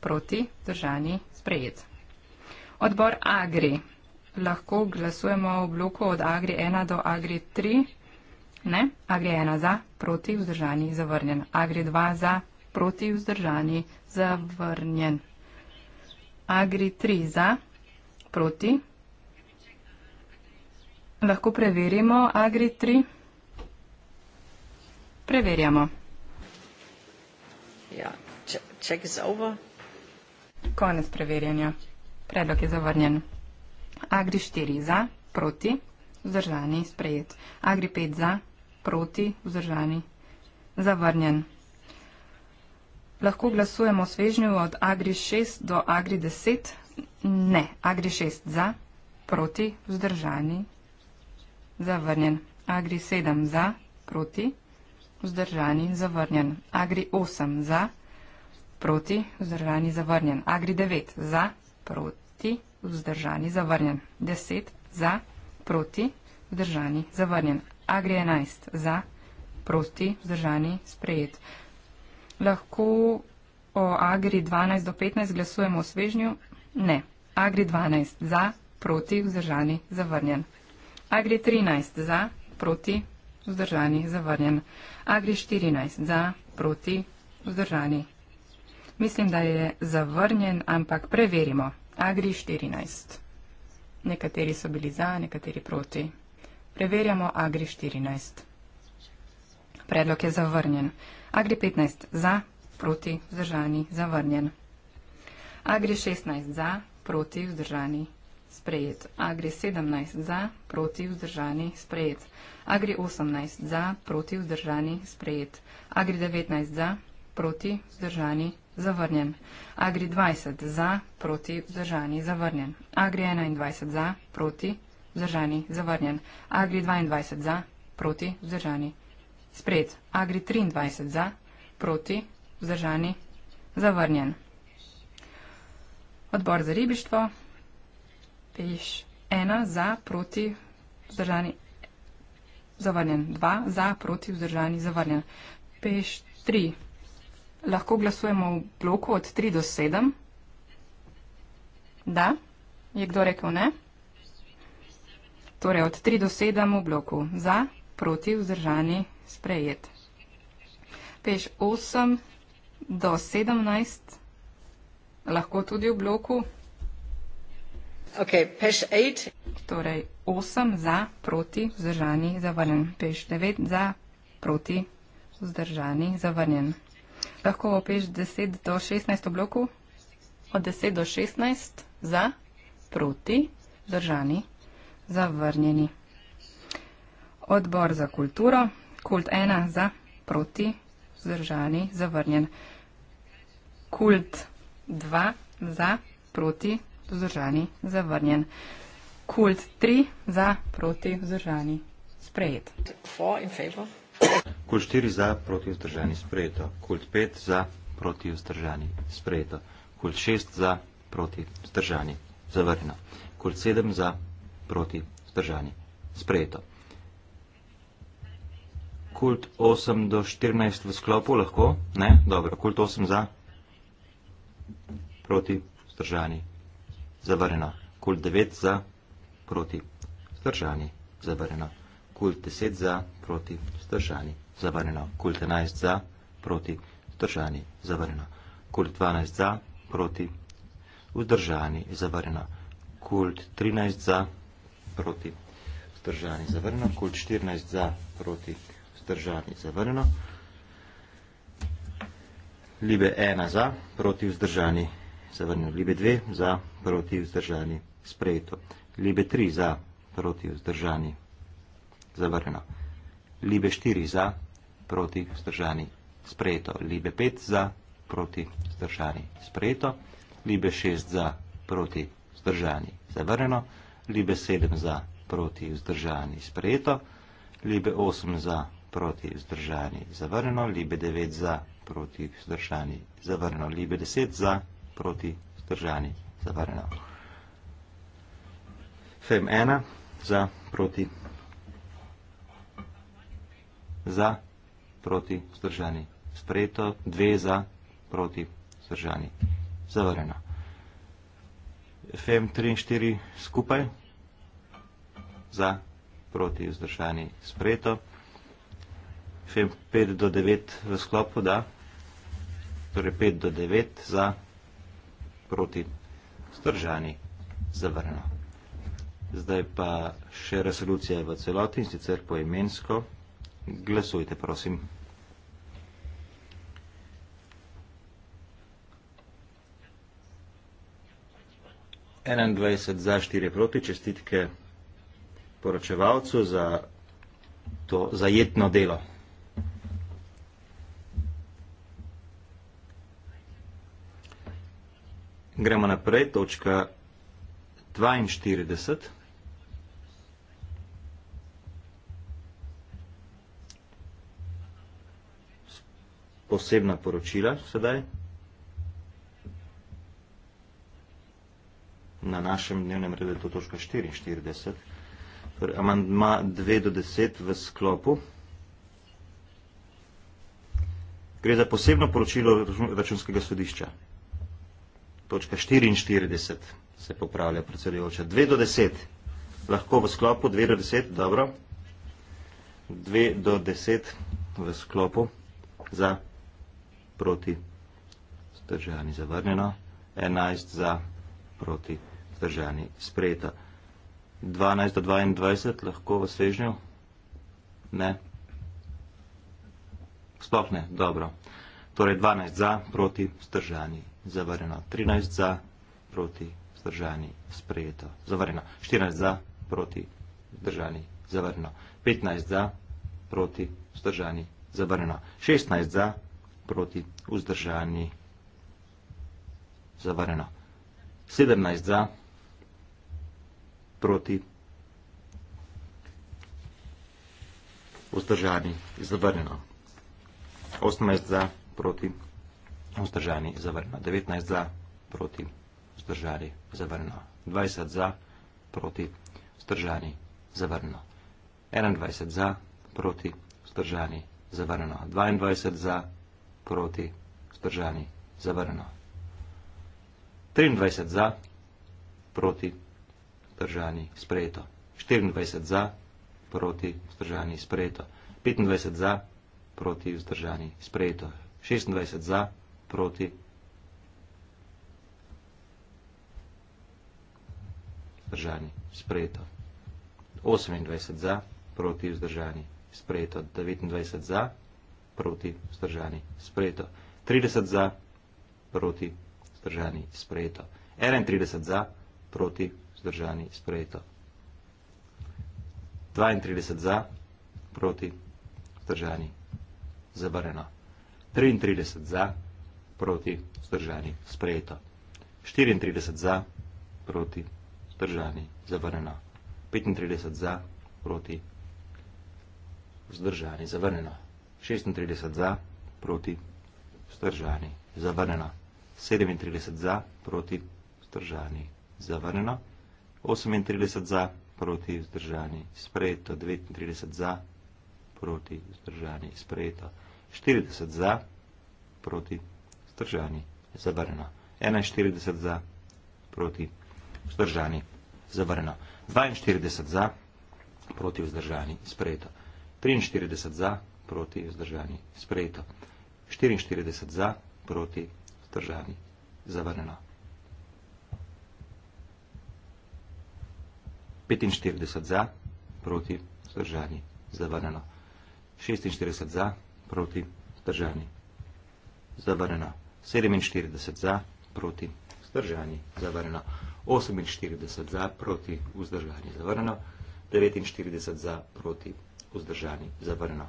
proti vzdržani, sprejet. Odbor Agri. Lahko glasujemo v bloku od Agri 1 do Agri 3. Ne. Agri 1 za, proti, vzdržani, zavrnjen. Agri 2 za, proti, vzdržani, zavrnjen. Agri 3 za, proti. Lahko preverimo Agri 3. Preverjamo. Ja, ček za ovo. Konec preverjanja. Predlog je zavrnjen. Agri 4 za, proti, vzdržani, sprejet. Agri 5 za, proti, vzdržani, zavrnjen. Lahko glasujemo o svežnju od Agri 6 do Agri 10? Ne. Agri 6 za, proti, vzdržani, zavrnjen. Agri 7 za, proti, vzdržani, zavrnjen. Agri 8 za, proti, vzdržani, zavrnjen. Agri 9 za, proti, vzdržani, zavrnjen proti, vzdržani, zavrnjen. 10 za, proti, vzdržani, zavrnjen. Agri 11 za, proti, vzdržani, sprejet. Lahko o Agri 12 do 15 glasujemo v svežnju? Ne. Agri 12 za, proti, vzdržani, zavrnjen. Agri 13 za, proti, vzdržani, zavrnjen. Agri 14 za, proti, vzdržani, zavrnjen. Mislim, da je zavrnjen, ampak preverimo. Agri 14. Nekateri so bili za, nekateri proti. Preverjamo Agri 14. Predlog je zavrnjen. Agri 15 za, proti, vzdržani, zavrnjen. Agri 16 za, proti, vzdržani, sprejet. Agri 17 za, proti, vzdržani, sprejet. Agri 18 za, proti, vzdržani, sprejet. Agri 19 za, proti, vzdržani, sprejet zavrnjen. Agri 20 za, proti, vzdržani, zavrnjen. Agri 21 za, proti, vzdržani, zavrnjen. Agri 22 za, proti, vzdržani. Spred. Agri 23 za, proti, vzdržani, zavrnjen. Odbor za ribištvo. Peš 1 za, proti, vzdržani, zavrnjen. 2 za, proti, vzdržani, zavrnjen. Peš 3 za. Lahko glasujemo v bloku od 3 do 7. Da? Je kdo rekel ne? Torej od 3 do 7 v bloku. Za, proti, vzdržani, sprejet. Peš 8 do 17. Lahko tudi v bloku. Ok, peš 8. Torej 8 za, proti, vzdržani, zavrnjen. Peš 9 za, proti, vzdržani, zavrnjen. Lahko opiš 10 do 16 oblokov, od 10 do 16 za, proti, držani, zavrnjeni. Odbor za kulturo, kult 1 za, proti, držani, zavrnjen. Kult 2 za, proti, držani, zavrnjen. Kult 3 za, proti, držani, sprejet. 4 in favor. Kult 4 za, proti vzdržani, sprejeto. Kult 5 za, proti vzdržani, sprejeto. Kult 6 za, proti vzdržani, zavrnjeno. Kult 7 za, proti vzdržani, sprejeto. Kult 8 do 14 v sklopu lahko? Ne? Dobro. Kult 8 za, proti vzdržani, zavrnjeno. Kult 9 za, proti vzdržani, zavrnjeno. Kult 10 za, proti vzdržani, zavrnjeno zavrnjeno, kult 11 za, proti, vzdržani, zavrnjeno, kult 12 za, proti, vzdržani, zavrnjeno, kult 13 za, proti, vzdržani, zavrnjeno, kult 14 za, proti, vzdržani, zavrnjeno, libe 1 za, proti, vzdržani, zavrnjeno, libe 2 za, proti, vzdržani, sprejeto, libe 3 za, proti, vzdržani, zavrnjeno, libe 4 za, proti, vzdržani, proti vzdržani sprejeto. Libe 5 za proti vzdržani sprejeto. Libe 6 za proti vzdržani zavrneno. Libe 7 za proti vzdržani sprejeto. Libe 8 za proti vzdržani zavrneno. Libe 9 za proti vzdržani zavrneno. Libe 10 za proti vzdržani zavrneno. Fem 1 za proti za vzdržani zavrneno proti vzdržani. Sprejeto, dve za, proti vzdržani. Zavrjeno. FM 3 in 4 skupaj, za, proti vzdržani. Sprejeto. FM 5 do 9 v sklopu, da. Torej 5 do 9 za, proti vzdržani. Zavrjeno. Zdaj pa še resolucija v celoti in sicer poimensko. imensko. Glasujte, prosim. Enaindvajset za štiri proti, čestitke poročevalcu za to zajetno delo. Gremo naprej, točka dvainštirideset. posebna poročila sedaj. Na našem dnevnem redu je to točka 44. Torej, amandma 2 do 10 v sklopu. Gre za posebno poročilo računskega sodišča. Točka 44 se popravlja predsedujoča. 2 do 10. Lahko v sklopu 2 do 10. Dobro. 2 do 10 v sklopu za proti, vzdržani zavrnjeno, 11 za, proti, vzdržani sprejeta. 12 do 22 lahko v svežnju? Ne? Sploh ne, dobro. Torej 12 za, proti, vzdržani zavrnjeno, 13 za, proti, vzdržani sprejeto, zavrnjeno, 14 za, proti, vzdržani zavrnjeno, 15 za, proti, vzdržani zavrnjeno, 16 za, proti, vzdržani zavrnjeno, proti vzdržani. Zavareno. 17 za proti vzdržani. Zavareno. 18 za proti vzdržani. Zavareno. 19 za proti vzdržani. Zavareno. 20 za proti vzdržani. Zavareno. 21 za proti vzdržani. Zavareno. 22 za proti vzdržani proti, vzdržani, zavrnjeno. 23 za, proti, vzdržani, sprejeto. 24 za, proti, vzdržani, sprejeto. 25 za, proti, vzdržani, sprejeto. 26 za, proti, vzdržani, sprejeto. 28 za, proti, vzdržani, sprejeto. 29 za, proti, vzdržani, sprejeto proti vzdržani sprejeto. 30 za proti vzdržani sprejeto. 31 za proti vzdržani sprejeto. 32 za proti vzdržani zabareno. 33 za proti vzdržani sprejeto. 34 za proti vzdržani zabareno. 35 za proti vzdržani zabareno. 36 za, proti, stržani, zavrnjena. 37 za, proti, stržani, zavrnjena. 38 za, proti, stržani, sprejeto. 39 za, proti, stržani, sprejeto. 40 za, proti, stržani, zavrnjena. 41 za, proti, stržani, zavrnjena. 42 za, proti, stržani, sprejeto. 43 za, proti, stržani, sprejeto. 43 za, proti vzdržani. Sprejeto. 44 za proti vzdržani. Zavrneno. 45 za proti vzdržani. Zavrneno. 46 za proti vzdržani. Zavrneno. 47 za proti vzdržani. Zavrneno. 48 za proti vzdržani. Zavrneno. 49 za proti vzdržani. Zavrneno.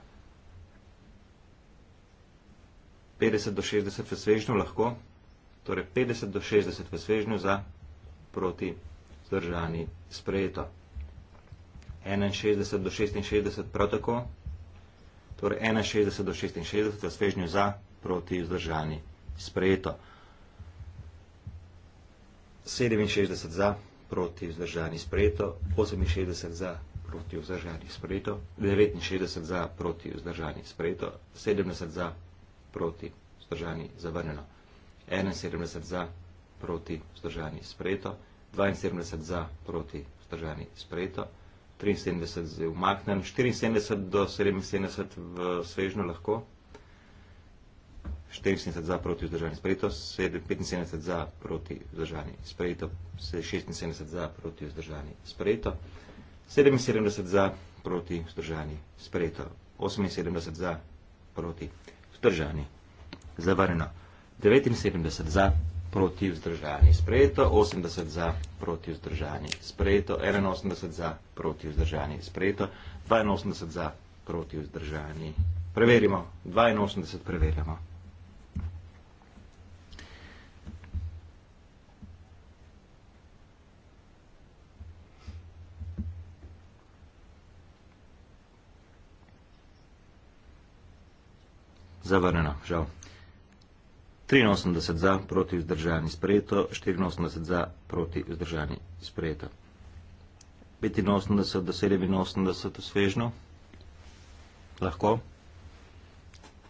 50 do 60 v svežnju lahko, torej 50 do 60 v svežnju za proti zdržani sprejeto. 61 do 66 prav tako, torej 61 do 66 v svežnju za proti zdržani sprejeto. 67 za proti vzdržani sprejeto, 68 za proti vzdržani sprejeto, 69 za proti vzdržani sprejeto, 70 za proti, vzdržani, zavrnjeno. 71 za, proti, vzdržani, sprejeto. 72 za, proti, vzdržani, sprejeto. 73 zdaj umaknem. 74 do 77 v svežno lahko. 74 za, proti, vzdržani, sprejeto. 75 za, proti, vzdržani, sprejeto. 76 za, proti, vzdržani, sprejeto. 77 za, proti, vzdržani, sprejeto. 78 za, proti, vzdržani, sprejeto vzdržani. Zavrnjeno. 79 za, proti vzdržani. Sprejeto. 80 za, proti vzdržani. Sprejeto. 81 za, proti vzdržani. Sprejeto. 82 za, proti vzdržani. Preverimo. 82 preverjamo. zavrnjeno, žal. 83 za, proti vzdržani sprejeto, 84 za, proti vzdržani sprejeto. 85 do 87 svežno, lahko,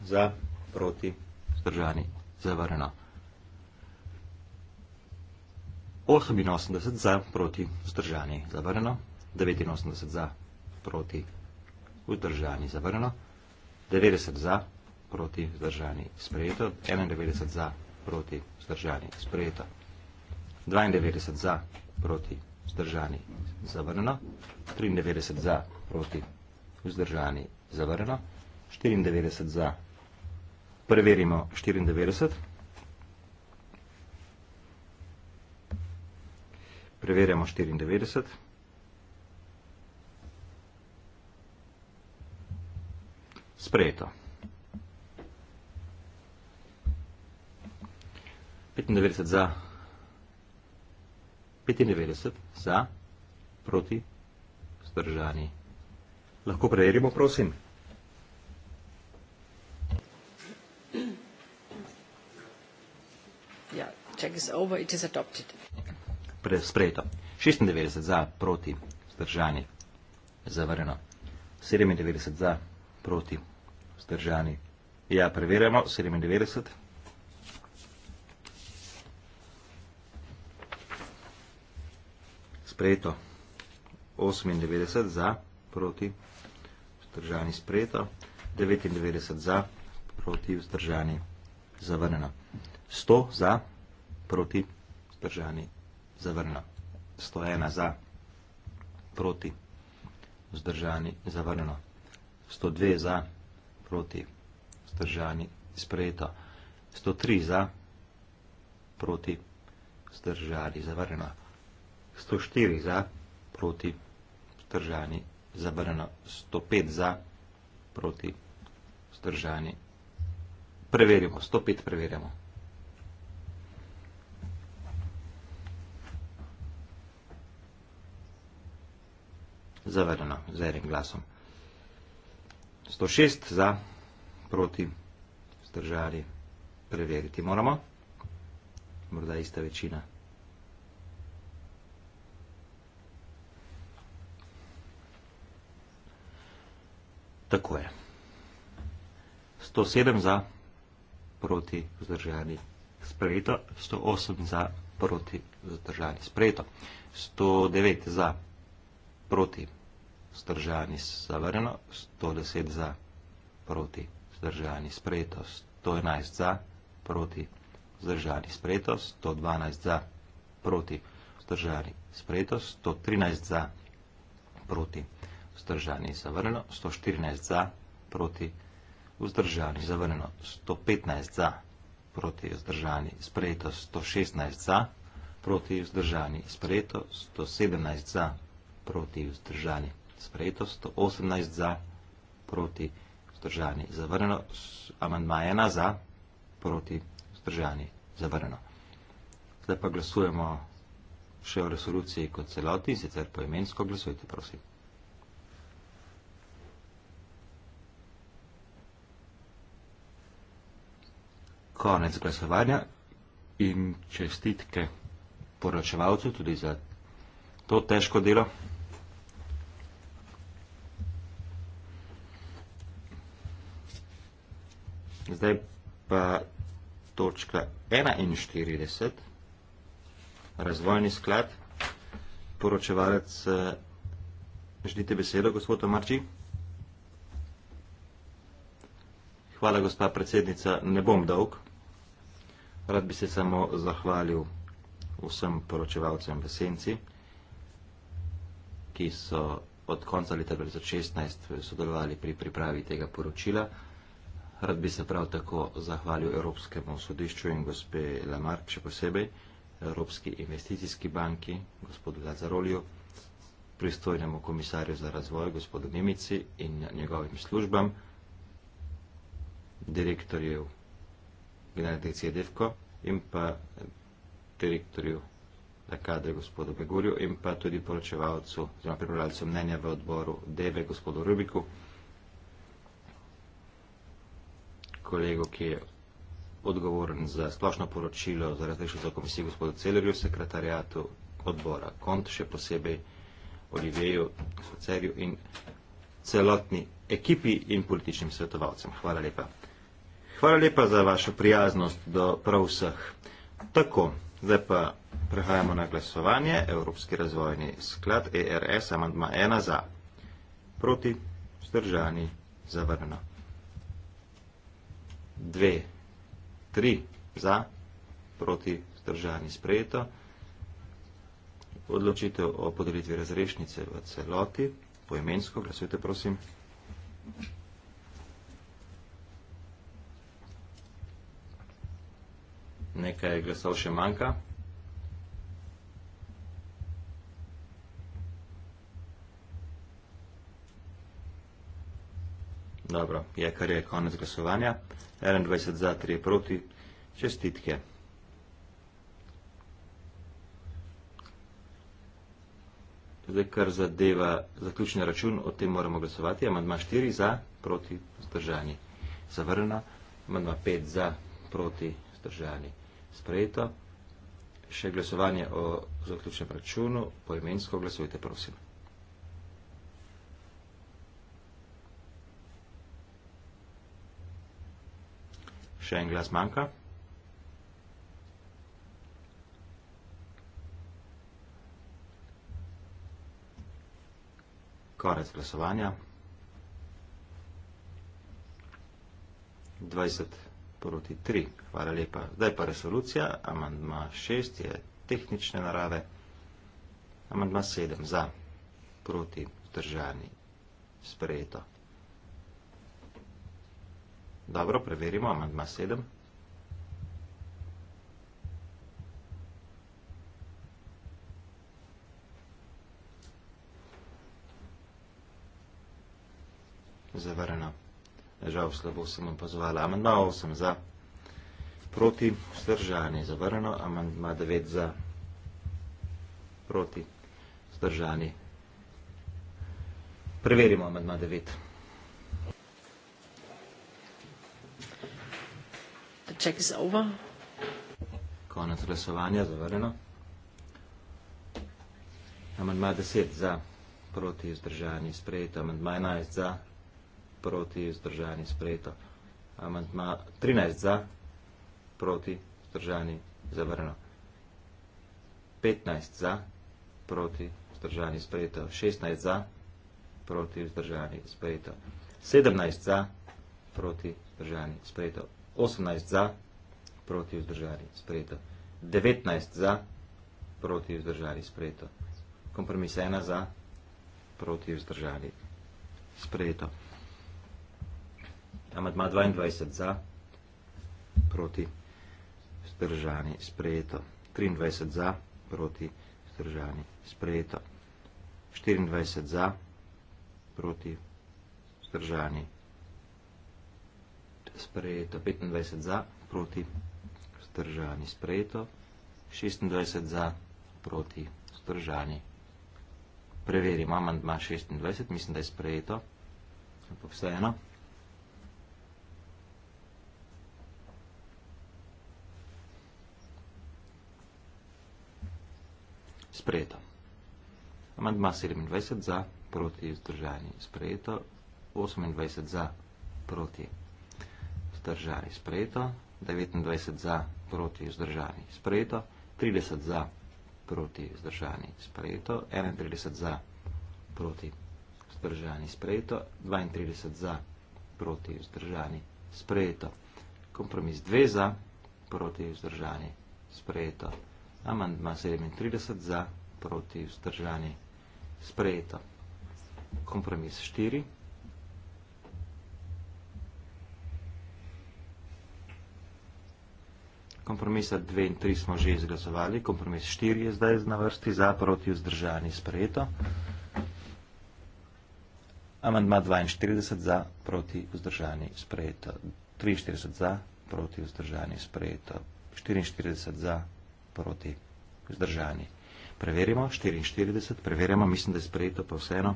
za, proti vzdržani, zavrnjeno. 88 za, proti vzdržani, zavrnjeno. 89 za, proti vzdržani, zavrnjeno. 90 za, proti vzdržani, zavrnjeno proti vzdržani sprejeto, 91 za proti vzdržani sprejeto, 92 za proti vzdržani zavrneno, 93 za proti vzdržani zavrneno, 94 za, preverimo 94, preverjamo 94, sprejeto. 95 za, 95 za, proti, vzdržani. Lahko preverimo, prosim. Ja, Pre, sprejeto. 96 za, proti, vzdržani. Zavrjeno. 97 za, proti, vzdržani. Ja, preverjamo. 97. sprejeto 98 za, proti vzdržani sprejeto, 99 za, proti vzdržani zavrneno. 100 za, proti vzdržani zavrneno. 101 za, proti vzdržani zavrneno. 102 za, proti vzdržani sprejeto. 103 za, proti vzdržani zavrneno. 104 za, proti vzdržani, zabrano 105 za, proti vzdržani. Preverimo, 105 preverjamo. Zavrljeno, z enim glasom. 106 za, proti, zdržali, preveriti moramo. Morda ista večina. Tako je. 107 za, proti vzdržani sprejeto, 108 za, proti vzdržani sprejeto, 109 za, proti vzdržani zavrjeno, 110 za, proti vzdržani sprejeto, 111 za, proti vzdržani sprejeto, 112 za, proti vzdržani sprejeto, 113 za, proti vzdržani sprejeto, vzdržani zavrnjeno, 114 za, proti vzdržani zavrnjeno, 115 za, proti vzdržani sprejeto, 116 za, proti vzdržani sprejeto, 117 za, proti vzdržani sprejeto, 118 za, proti vzdržani zavrnjeno, amandma 1 za, proti vzdržani zavrnjeno. Zdaj pa glasujemo še o resoluciji kot celoti, sicer poimensko glasujte, prosim. konec glasovanja in čestitke poročevalcu tudi za to težko delo. Zdaj pa točka 41, razvojni sklad, poročevalec, eh, želite besedo, gospod Tomarči? Hvala, gospa predsednica, ne bom dolg. Rad bi se samo zahvalil vsem poročevalcem v Senci, ki so od konca leta 2016 sodelovali pri pripravi tega poročila. Rad bi se prav tako zahvalil Evropskemu sodišču in gospe Lamarck še posebej, Evropski investicijski banki, gospodu Lazaroliju, pristojnemu komisarju za razvoj, gospodu Nemici in njegovim službam, direktorjev generalne direkcije DEFKO in pa direktorju za kadre gospodu Begurju in pa tudi poročevalcu oziroma pripravljalcu mnenja v odboru DEVE gospodu Rubiku, kolego, ki je odgovoren za splošno poročilo za razrešitev za komisijo gospodu Celerju, sekretarijatu odbora KONT, še posebej Oliveju, Sucerju in celotni ekipi in političnim svetovalcem. Hvala lepa. Hvala lepa za vašo prijaznost do prav vseh. Tako, zdaj pa prehajamo na glasovanje. Evropski razvojni sklad ERS, amantma 1 za. Proti, vzdržani, zavrnjeno. Dve, tri za, proti, vzdržani, sprejeto. Odločitev o podelitvi razrešnice v celoti, poimensko, glasujte prosim. Thank you. Nekaj glasov še manjka. Dobro, je kar je konec glasovanja. 21 za, 3 proti. Čestitke. Zdaj, kar zadeva zaključni račun, o tem moramo glasovati. Amandma 4 za, proti, zdržani. Zavrna. Amandma 5 za, proti, zdržani sprejeto. Še glasovanje o zaključnem računu, poimensko glasujte, prosim. Še en glas manjka. Konec glasovanja. 20 proti 3. Hvala lepa. Zdaj pa resolucija, amandma 6 je tehnične narave, amandma 7 za, proti vzdržani, sprejeto. Dobro, preverimo amandma 7. Zavrnjeno. Žal slabo sem opazovala. Amandma 8 za, proti, vzdržani, zavrnjeno. Amandma 9 za, proti, vzdržani. Preverimo amandma 9. Ček za ova. Konec glasovanja, zavrnjeno. Amandma 10 za, proti, vzdržani, sprejeto. Amandma 11 za, proti, vzdržani proti, vzdržani, sprejeto. Amantma 13 za, proti, vzdržani, zavrno. 15 za, proti, vzdržani, sprejeto. 16 za, proti, vzdržani, sprejeto. 17 za, proti, vzdržani, sprejeto. 18 za, proti, vzdržani, sprejeto. 19 za, proti, vzdržani, sprejeto. Kompromis 1 za, proti, vzdržani, sprejeto. Amatma 22 za, proti vzdržani sprejeto. 23 za, proti vzdržani sprejeto. 24 za, proti vzdržani sprejeto. 25 za, proti vzdržani sprejeto. 26 za, proti vzdržani. Preverimo, amandma 26, mislim, da je sprejeto. Ampak vseeno. sprejeto. Amandma 27 za, proti vzdržani sprejeto, 28 za, proti vzdržani sprejeto, 29 za, proti vzdržani sprejeto, 30 za, proti vzdržani sprejeto, 31 za, proti vzdržani sprejeto, 32 za, proti vzdržani sprejeto, kompromis 2 za, proti vzdržani sprejeto, 32 za, proti vzdržani sprejeto, Amandma 37 za proti vzdržani sprejeto. Kompromis 4. Kompromisa 2 in 3 smo že izglasovali. Kompromis 4 je zdaj na vrsti za proti vzdržani sprejeto. Amandma 42 za proti vzdržani sprejeto. 43 za proti vzdržani sprejeto. 44 za proti vzdržani sprejeto proti vzdržani. Preverimo, 44, preverimo, mislim, da je sprejeto pa vseeno.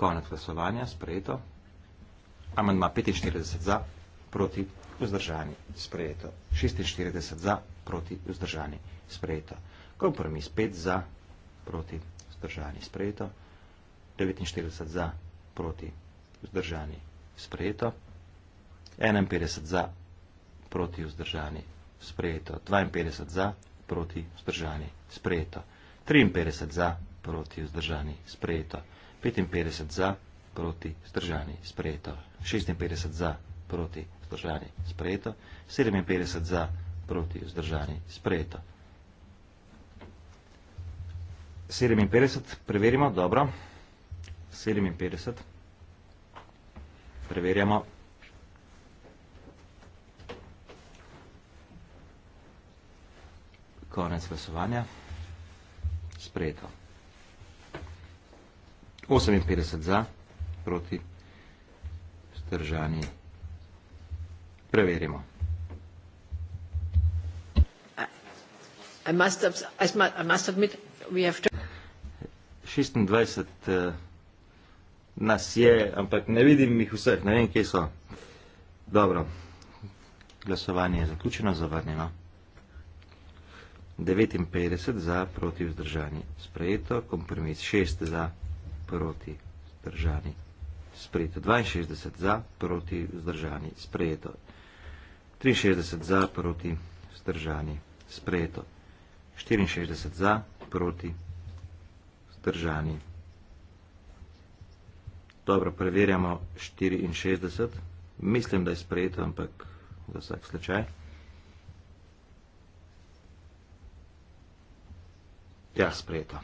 Konec glasovanja, sprejeto. Amandma 45 za, proti vzdržani, sprejeto. 46 za, proti vzdržani, sprejeto. Kompromis 5 za, proti vzdržani, sprejeto. 49 za, proti, vzdržani, sprejeto, 51 za, proti, vzdržani, sprejeto, 52 za, proti, vzdržani, sprejeto, 53 za, proti, vzdržani, sprejeto, 55 za, proti, vzdržani, sprejeto, 56 za, proti, vzdržani, sprejeto, 57 za, proti, vzdržani, sprejeto. 57, preverimo, dobro. 57. Preverjamo. Konec glasovanja. Sprejeto. 58 za, proti stržani. Preverimo. I must have, I must admit, we have 26 uh, nas je, ampak ne vidim jih vseh, ne vem, kje so. Dobro, glasovanje je zaključeno, zavrnjeno. 59 za proti vzdržani sprejeto, kompromis 6 za proti vzdržani sprejeto, 62 za proti vzdržani sprejeto, 63 za proti vzdržani sprejeto, 64 za proti vzdržani sprejeto. Dobro, preverjamo 64. Mislim, da je sprejeto, ampak za vsak slučaj. Ja, sprejeto.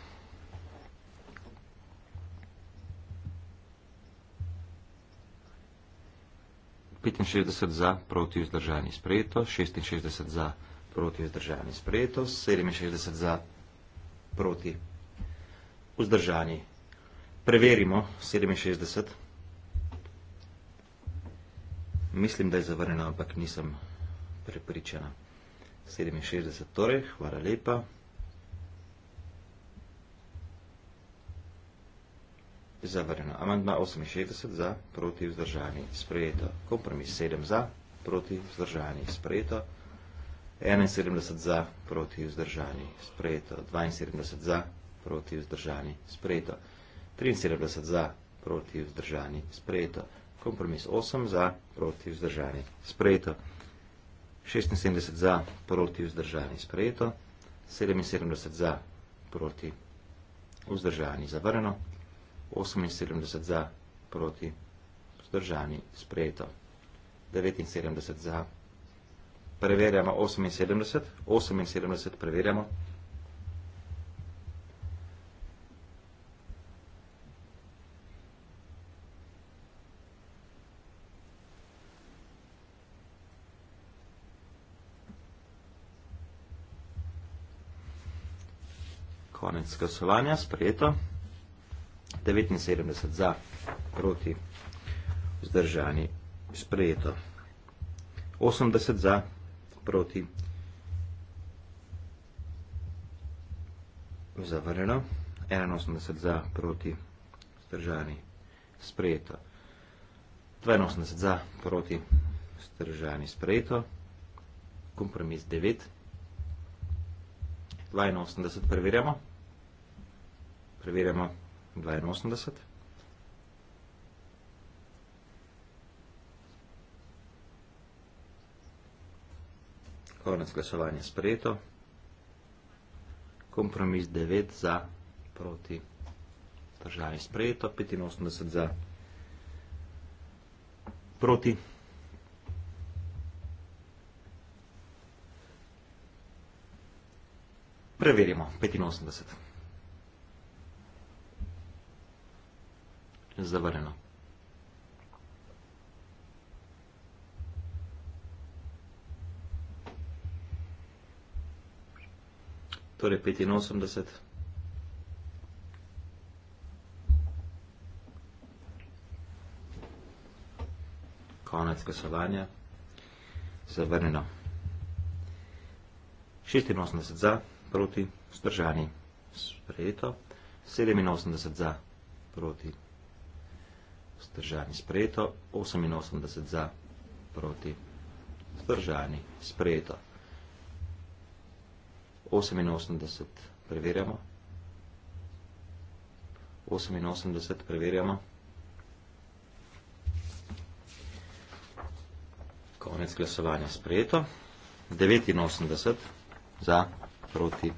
za, proti vzdržani sprejeto, 66 za, proti vzdržani sprejeto, 67 za, proti vzdržani sprejeto. Preverimo, 67. Mislim, da je zavrnjena, ampak nisem prepričana. 67 torej, hvala lepa. Zavrnjeno. Amandma 68 za, proti vzdržani, sprejeto. Kompromis 7 za, proti vzdržani, sprejeto. 71 za, proti vzdržani, sprejeto. 72 za, proti vzdržani, sprejeto. 73 za, proti vzdržani, sprejeto. Kompromis 8 za, proti vzdržani, sprejeto. 76 za, proti vzdržani, sprejeto. 77 za, proti vzdržani, zavrjeno. 78 za, proti vzdržani, sprejeto. 79 za, preverjamo 78, 78 preverjamo. konec glasovanja sprejeto. 79 za, proti, vzdržani, sprejeto. 80 za, proti, zavrnjeno. 81 za, proti, vzdržani, sprejeto. 82 za, proti, vzdržani, sprejeto. Kompromis 9. 82 preverjamo preverjamo 82. Konec glasovanja sprejeto. Kompromis 9 za proti državi sprejeto, 85 za proti. Preverimo 85. zavrnjeno. Torej 85. Konec glasovanja. Zavrnjeno. 86 za, proti, vzdržani, sprejeto. 87 za, proti, vzdržani. Vzdržani sprejeto, 88 za, proti, vzdržani sprejeto. 88 preverjamo. 88 preverjamo. Konec glasovanja sprejeto. 89 za, proti,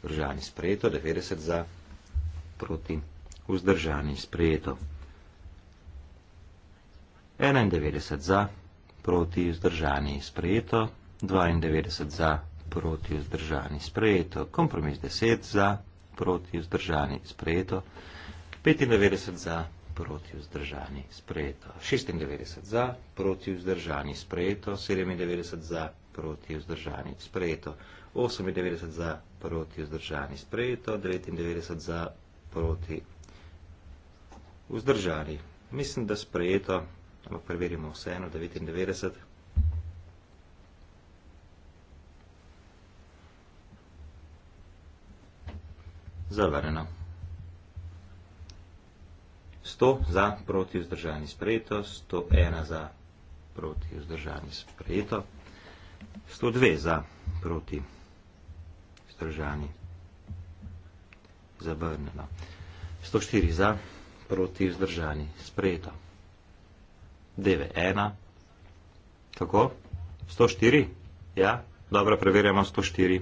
vzdržani sprejeto. 90 za, proti, vzdržani sprejeto. 91 za, proti vzdržani sprejeto, 92 za, proti vzdržani sprejeto, kompromis 10 za, proti vzdržani sprejeto, 95 za, proti vzdržani sprejeto, 96 za, proti vzdržani sprejeto, 97 za, proti vzdržani sprejeto, 98 za, proti vzdržani sprejeto, 99 za, proti vzdržani. Mislim, da sprejeto ampak preverimo vseeno, 99. Zavrjeno. 100 za proti vzdržani sprejeto, 101 za proti vzdržani sprejeto, 102 za proti vzdržani zavrnjeno, 104 za proti vzdržani sprejeto. DV1, tako, 104, ja, dobro, preverjamo 104,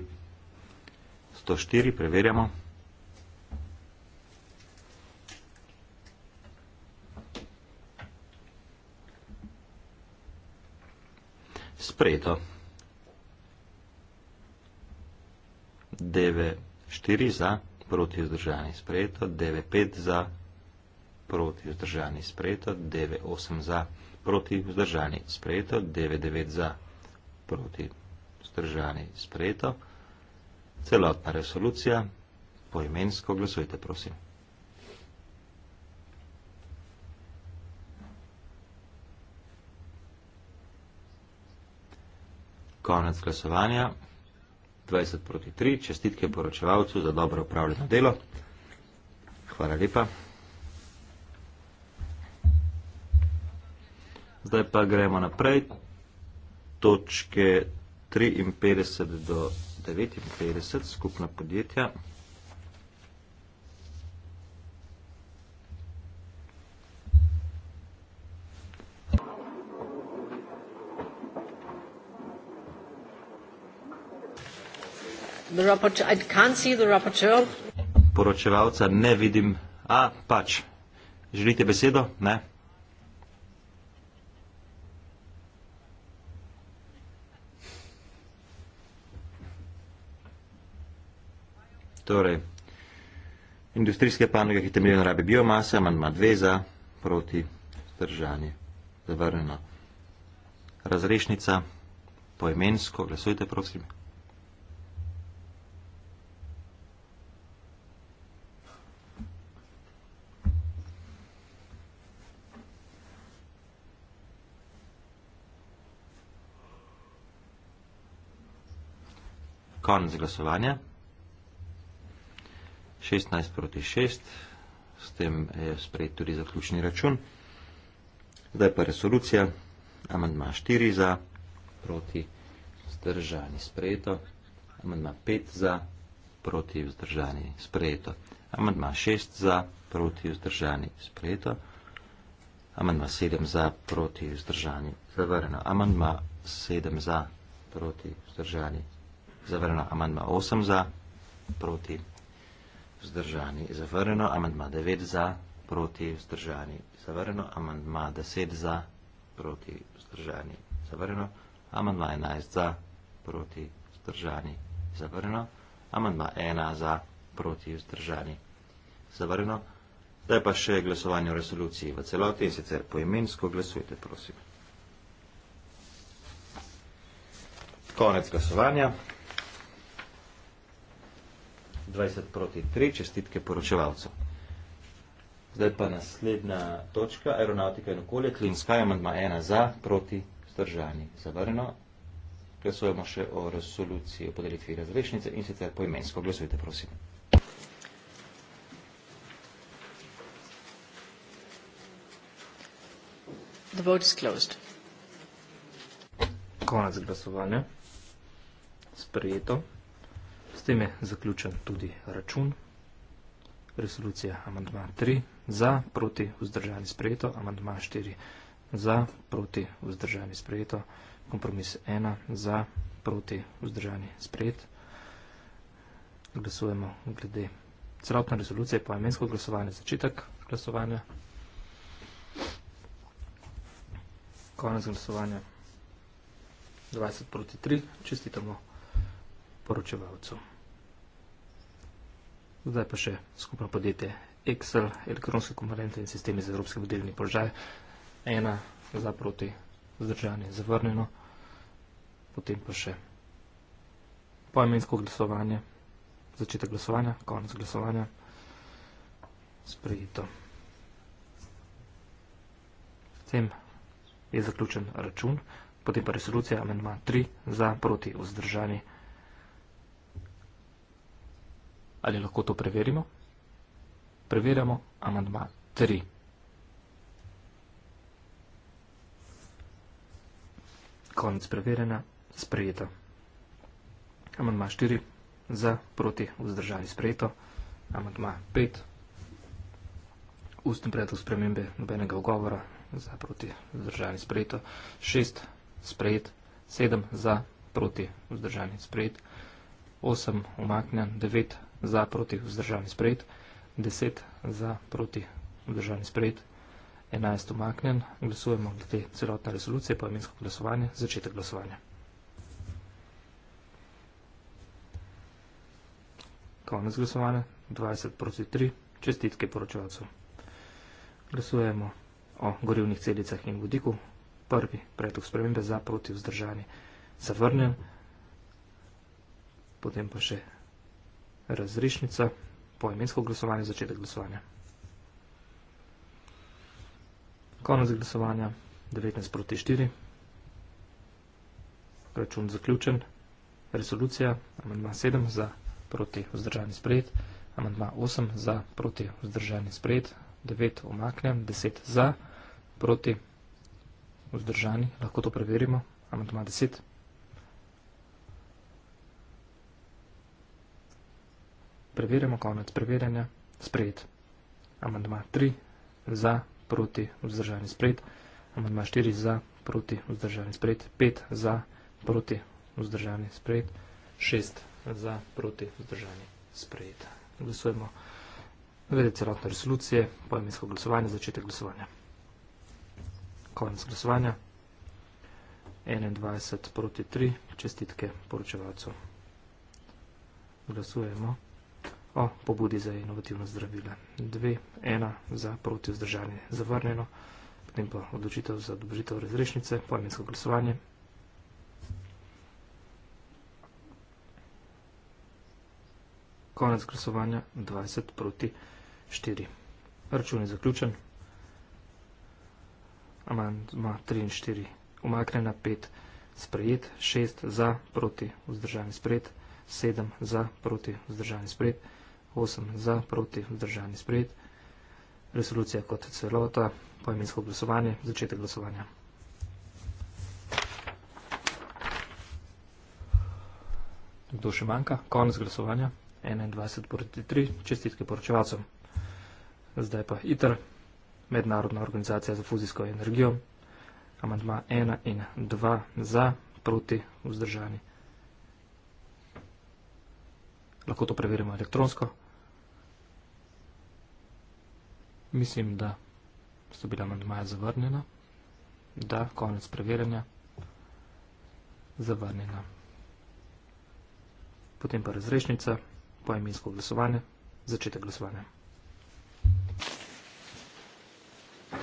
104, preverjamo. Sprejeto. DV4 za proti vzdržani sprejeto, DV5 za proti vzdržani sprejeto, DV8 za proti vzdržani sprejeto proti vzdržani sprejeto, 99 za proti vzdržani sprejeto. Celotna resolucija, poimensko glasujte, prosim. Konec glasovanja, 20 proti 3, čestitke poročevalcu za dobro upravljeno delo. Hvala lepa. Zdaj pa gremo naprej, točke 53 do 59, skupna podjetja. Poročevalca ne vidim, a pač, želite besedo? Ne. Torej, industrijske panoge, ki temeljijo na rabi biomase, manjma dve za, proti, zdržanje, zavrnjeno. Razrešnica, poimensko, glasujte, prosim. Konec glasovanja. 16 proti 6, s tem je sprejet tudi zaključni račun. Zdaj pa resolucija, amandma 4 za, proti, vzdržani, sprejeto, amandma 5 za, proti, vzdržani, sprejeto, amandma 6 za, proti, vzdržani, sprejeto, amandma 7 za, proti, vzdržani, zavrnjeno, amandma 7 za, proti, vzdržani, zavrnjeno, amandma 8 za, proti, vzdržani vzdržani, zavrnjeno, amandma 9 za, proti, vzdržani, zavrnjeno, amandma 10 za, proti, vzdržani, zavrnjeno, amandma 11 za, proti, vzdržani, zavrnjeno, amandma 1 za, proti, vzdržani, zavrnjeno. Zdaj pa še glasovanje o resoluciji v celoti in sicer poimensko glasujte, prosim. Konec glasovanja. 20 proti 3, čestitke poročevalcu. Zdaj pa naslednja točka, aeronautika in okolje, klinska, amandma 1 za, proti, stržani, zavrno. Glasujemo še o resoluciji o podelitvi razrešnice in sicer poimensko. Glasujte, prosim. The vote is closed. Konec glasovanja. Sprijeto tem je zaključen tudi račun. Resolucija amandma 3 za, proti vzdržani sprejeto, amandma 4 za, proti vzdržani sprejeto, kompromis 1 za, proti vzdržani sprejet. Glasujemo glede celotne rezolucije po imensko glasovanje, začetek glasovanja, konec glasovanja 20 proti 3, čistitamo poročevalcu zdaj pa še skupno podjetje Excel, elektronske komponente in sistemi za evropski vodilni položaj. Ena za proti zdržanje zavrnjeno, potem pa še poimensko glasovanje, začetek glasovanja, konec glasovanja, sprejito. S tem je zaključen račun, potem pa resolucija, amen ima tri za proti vzdržanje zavrnjeno. Ali lahko to preverimo? Preverjamo amandma 3. Konec preverjena, sprejeto. Amandma 4 za, proti, vzdržali sprejeto. Amandma 5. Ustni predlog spremembe nobenega ogovora za, proti, vzdržali sprejeto. 6. Sprejet. 7. Za, proti, vzdržali sprejeto. 8. Umaknjen. 9 za proti vzdržani sprejet, 10 za proti vzdržani sprejet, 11 umaknjen. Glasujemo glede celotne resolucije, poemensko glasovanje, začetek glasovanja. Konec glasovanja, 20 proti 3, čestitke poročevalcev. Glasujemo o gorivnih celicah in vodiku. Prvi predlog spremembe za proti vzdržani zavrnjen, potem pa še razrešnica, poimensko glasovanje, začetek glasovanja. Konec glasovanja, 19 proti 4. Račun zaključen. Resolucija, amandma 7 za proti vzdržani sprejet, amandma 8 za proti vzdržani sprejet, 9 omaknjen, 10 za proti vzdržani, lahko to preverimo, amandma 10. Preverjamo konec preverjanja. Sprejet. Amandma 3 za, proti, vzdržani sprejet. Amandma 4 za, proti, vzdržani sprejet. 5 za, proti, vzdržani sprejet. 6 za, proti, vzdržani sprejet. Glasujemo. Vede celotne resolucije, pojemensko glasovanje, začetek glasovanja. Konec glasovanja. 21 proti 3. Čestitke poročevalcu. Glasujemo. Glasujemo o pobudi za inovativno zdravilo. Dve, ena za proti vzdržanje zavrnjeno, potem pa odločitev za dobožitev razrešnice, pojmensko glasovanje. Konec glasovanja 20 proti 4. Račun je zaključen. Amandma 3 in 4 umaknjena, 5 sprejet, 6 za proti vzdržanje sprejet, 7 za proti vzdržanje sprejet. 8 za, proti, vzdržani sprejet. Resolucija kot celota, poimensko glasovanje, začetek glasovanja. Kdo še manjka? Konec glasovanja. 21 proti 3. Čestitke poročevalcem. Zdaj pa ITER, Mednarodna organizacija za fuzijsko energijo. Amandma 1 in 2 za, proti, vzdržani. Lahko to preverimo elektronsko. Mislim, da so bila amandmaja zavrnjena. Da, konec preverjanja. Zavrnjena. Potem pa razrešnica, po imensko glasovanje, začetek glasovanja.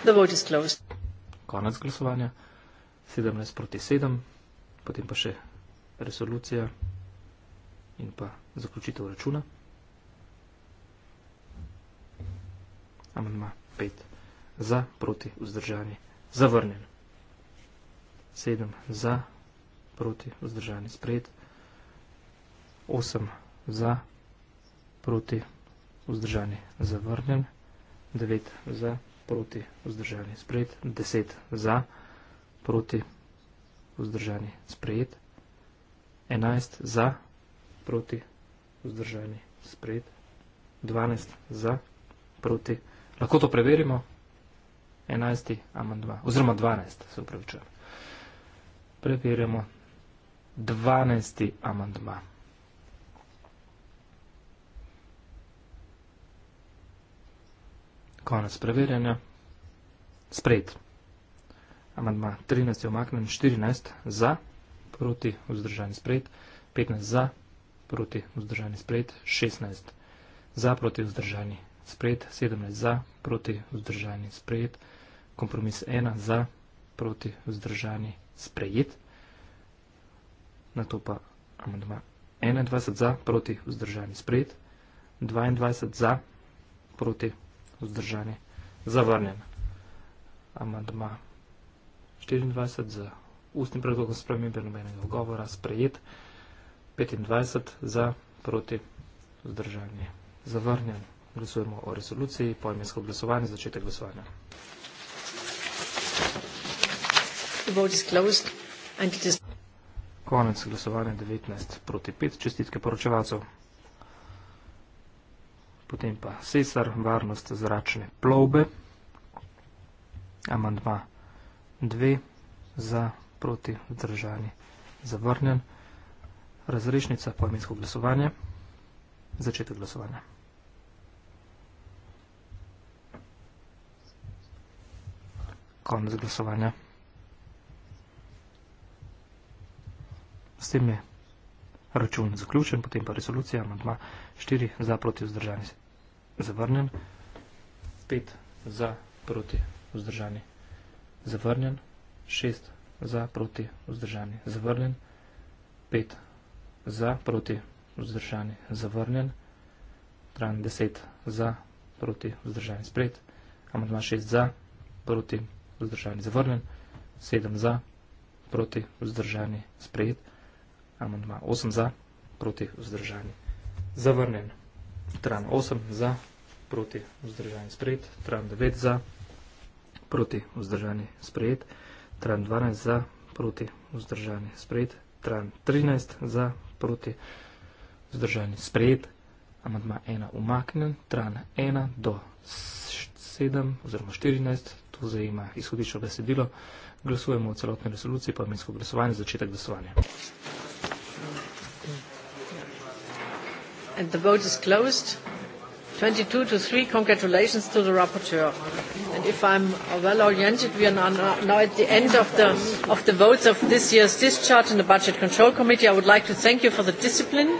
The vote is closed. Konec glasovanja, 17 proti 7, potem pa še resolucija in pa zaključitev računa. Amandma 5. Za, proti, vzdržani. Zavrnjen. 7. Za, proti, vzdržani. Sprejet. 8. Za, proti, vzdržani. Zavrnjen. 9. Za, proti, vzdržani. Sprejet. 10. Za, proti, vzdržani. Sprejet. 11. Za, proti, vzdržani. Sprejet. 12. Za, proti, vzdržani. Lahko to preverimo? 11. amandma, oziroma 12. se upravičujem. Preverjamo 12. amandma. Konec preverjanja. Sprejet. Amandma 13 je omaknen, 14 za, proti vzdržani sprejet, 15 za, proti vzdržani sprejet, 16 za, proti vzdržani sprejet, 17 za, proti vzdržani sprejet, kompromis 1 za, proti vzdržani sprejet, na to pa amandma 21 za, proti vzdržani sprejet, 22 za, proti vzdržani zavrnjen. Amandma 24 za ustnim predlogom spremembe nobenega ogovora sprejet, 25 za, proti vzdržani zavrnjen glasujemo o resoluciji, poimensko glasovanje, začetek glasovanja. Konec glasovanja 19 proti 5, čestitke poročevalcev. Potem pa Cesar, varnost zračne plovbe, amandma 2 za proti vzdržani zavrnjen, razrešnica poimensko glasovanje, začetek glasovanja. koniec głosowania. S tem je račun zaključen, potem pa resolucija, amantma 4 za proti vzdržanje zavrnjen, 5 za proti vzdržanje zavrnjen, 6 za proti vzdržanje zavrnjen, 5 za proti vzdržanje zavrnjen, 10 za proti vzdržanje sprejet, amantma 6 za proti vzdržanje zavrnjen vzdržani zavrnjen, 7 za, proti vzdržani sprejet, amandma 8 za, proti vzdržani zavrnjen, tran 8 za, proti vzdržani sprejet, tran 9 za, proti vzdržani sprejet, tran 12 za, proti vzdržani sprejet, tran 13 za, proti vzdržani sprejet, amandma 1 umaknjen, tran 1 do 7 oziroma 14 za, zajema izhodično besedilo. Glasujemo o celotni resoluciji, pa minsko glasovanje, začetek glasovanja. And the vote is closed. 22 to 3, congratulations to the rapporteur. And if I'm well oriented, we are now at the end of the, of the votes of this year's discharge in the Budget Control Committee. I would like to thank you for the discipline.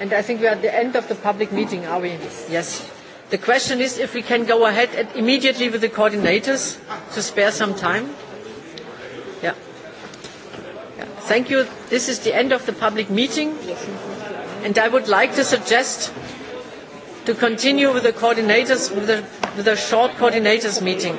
And I think we are at the end of the public meeting, are we? Yes. The question is if we can go ahead at immediately with the coordinators to spare some time. Yeah. yeah. Thank you. This is the end of the public meeting. And I would like to suggest to continue with the coordinators, with a, with a short coordinators meeting.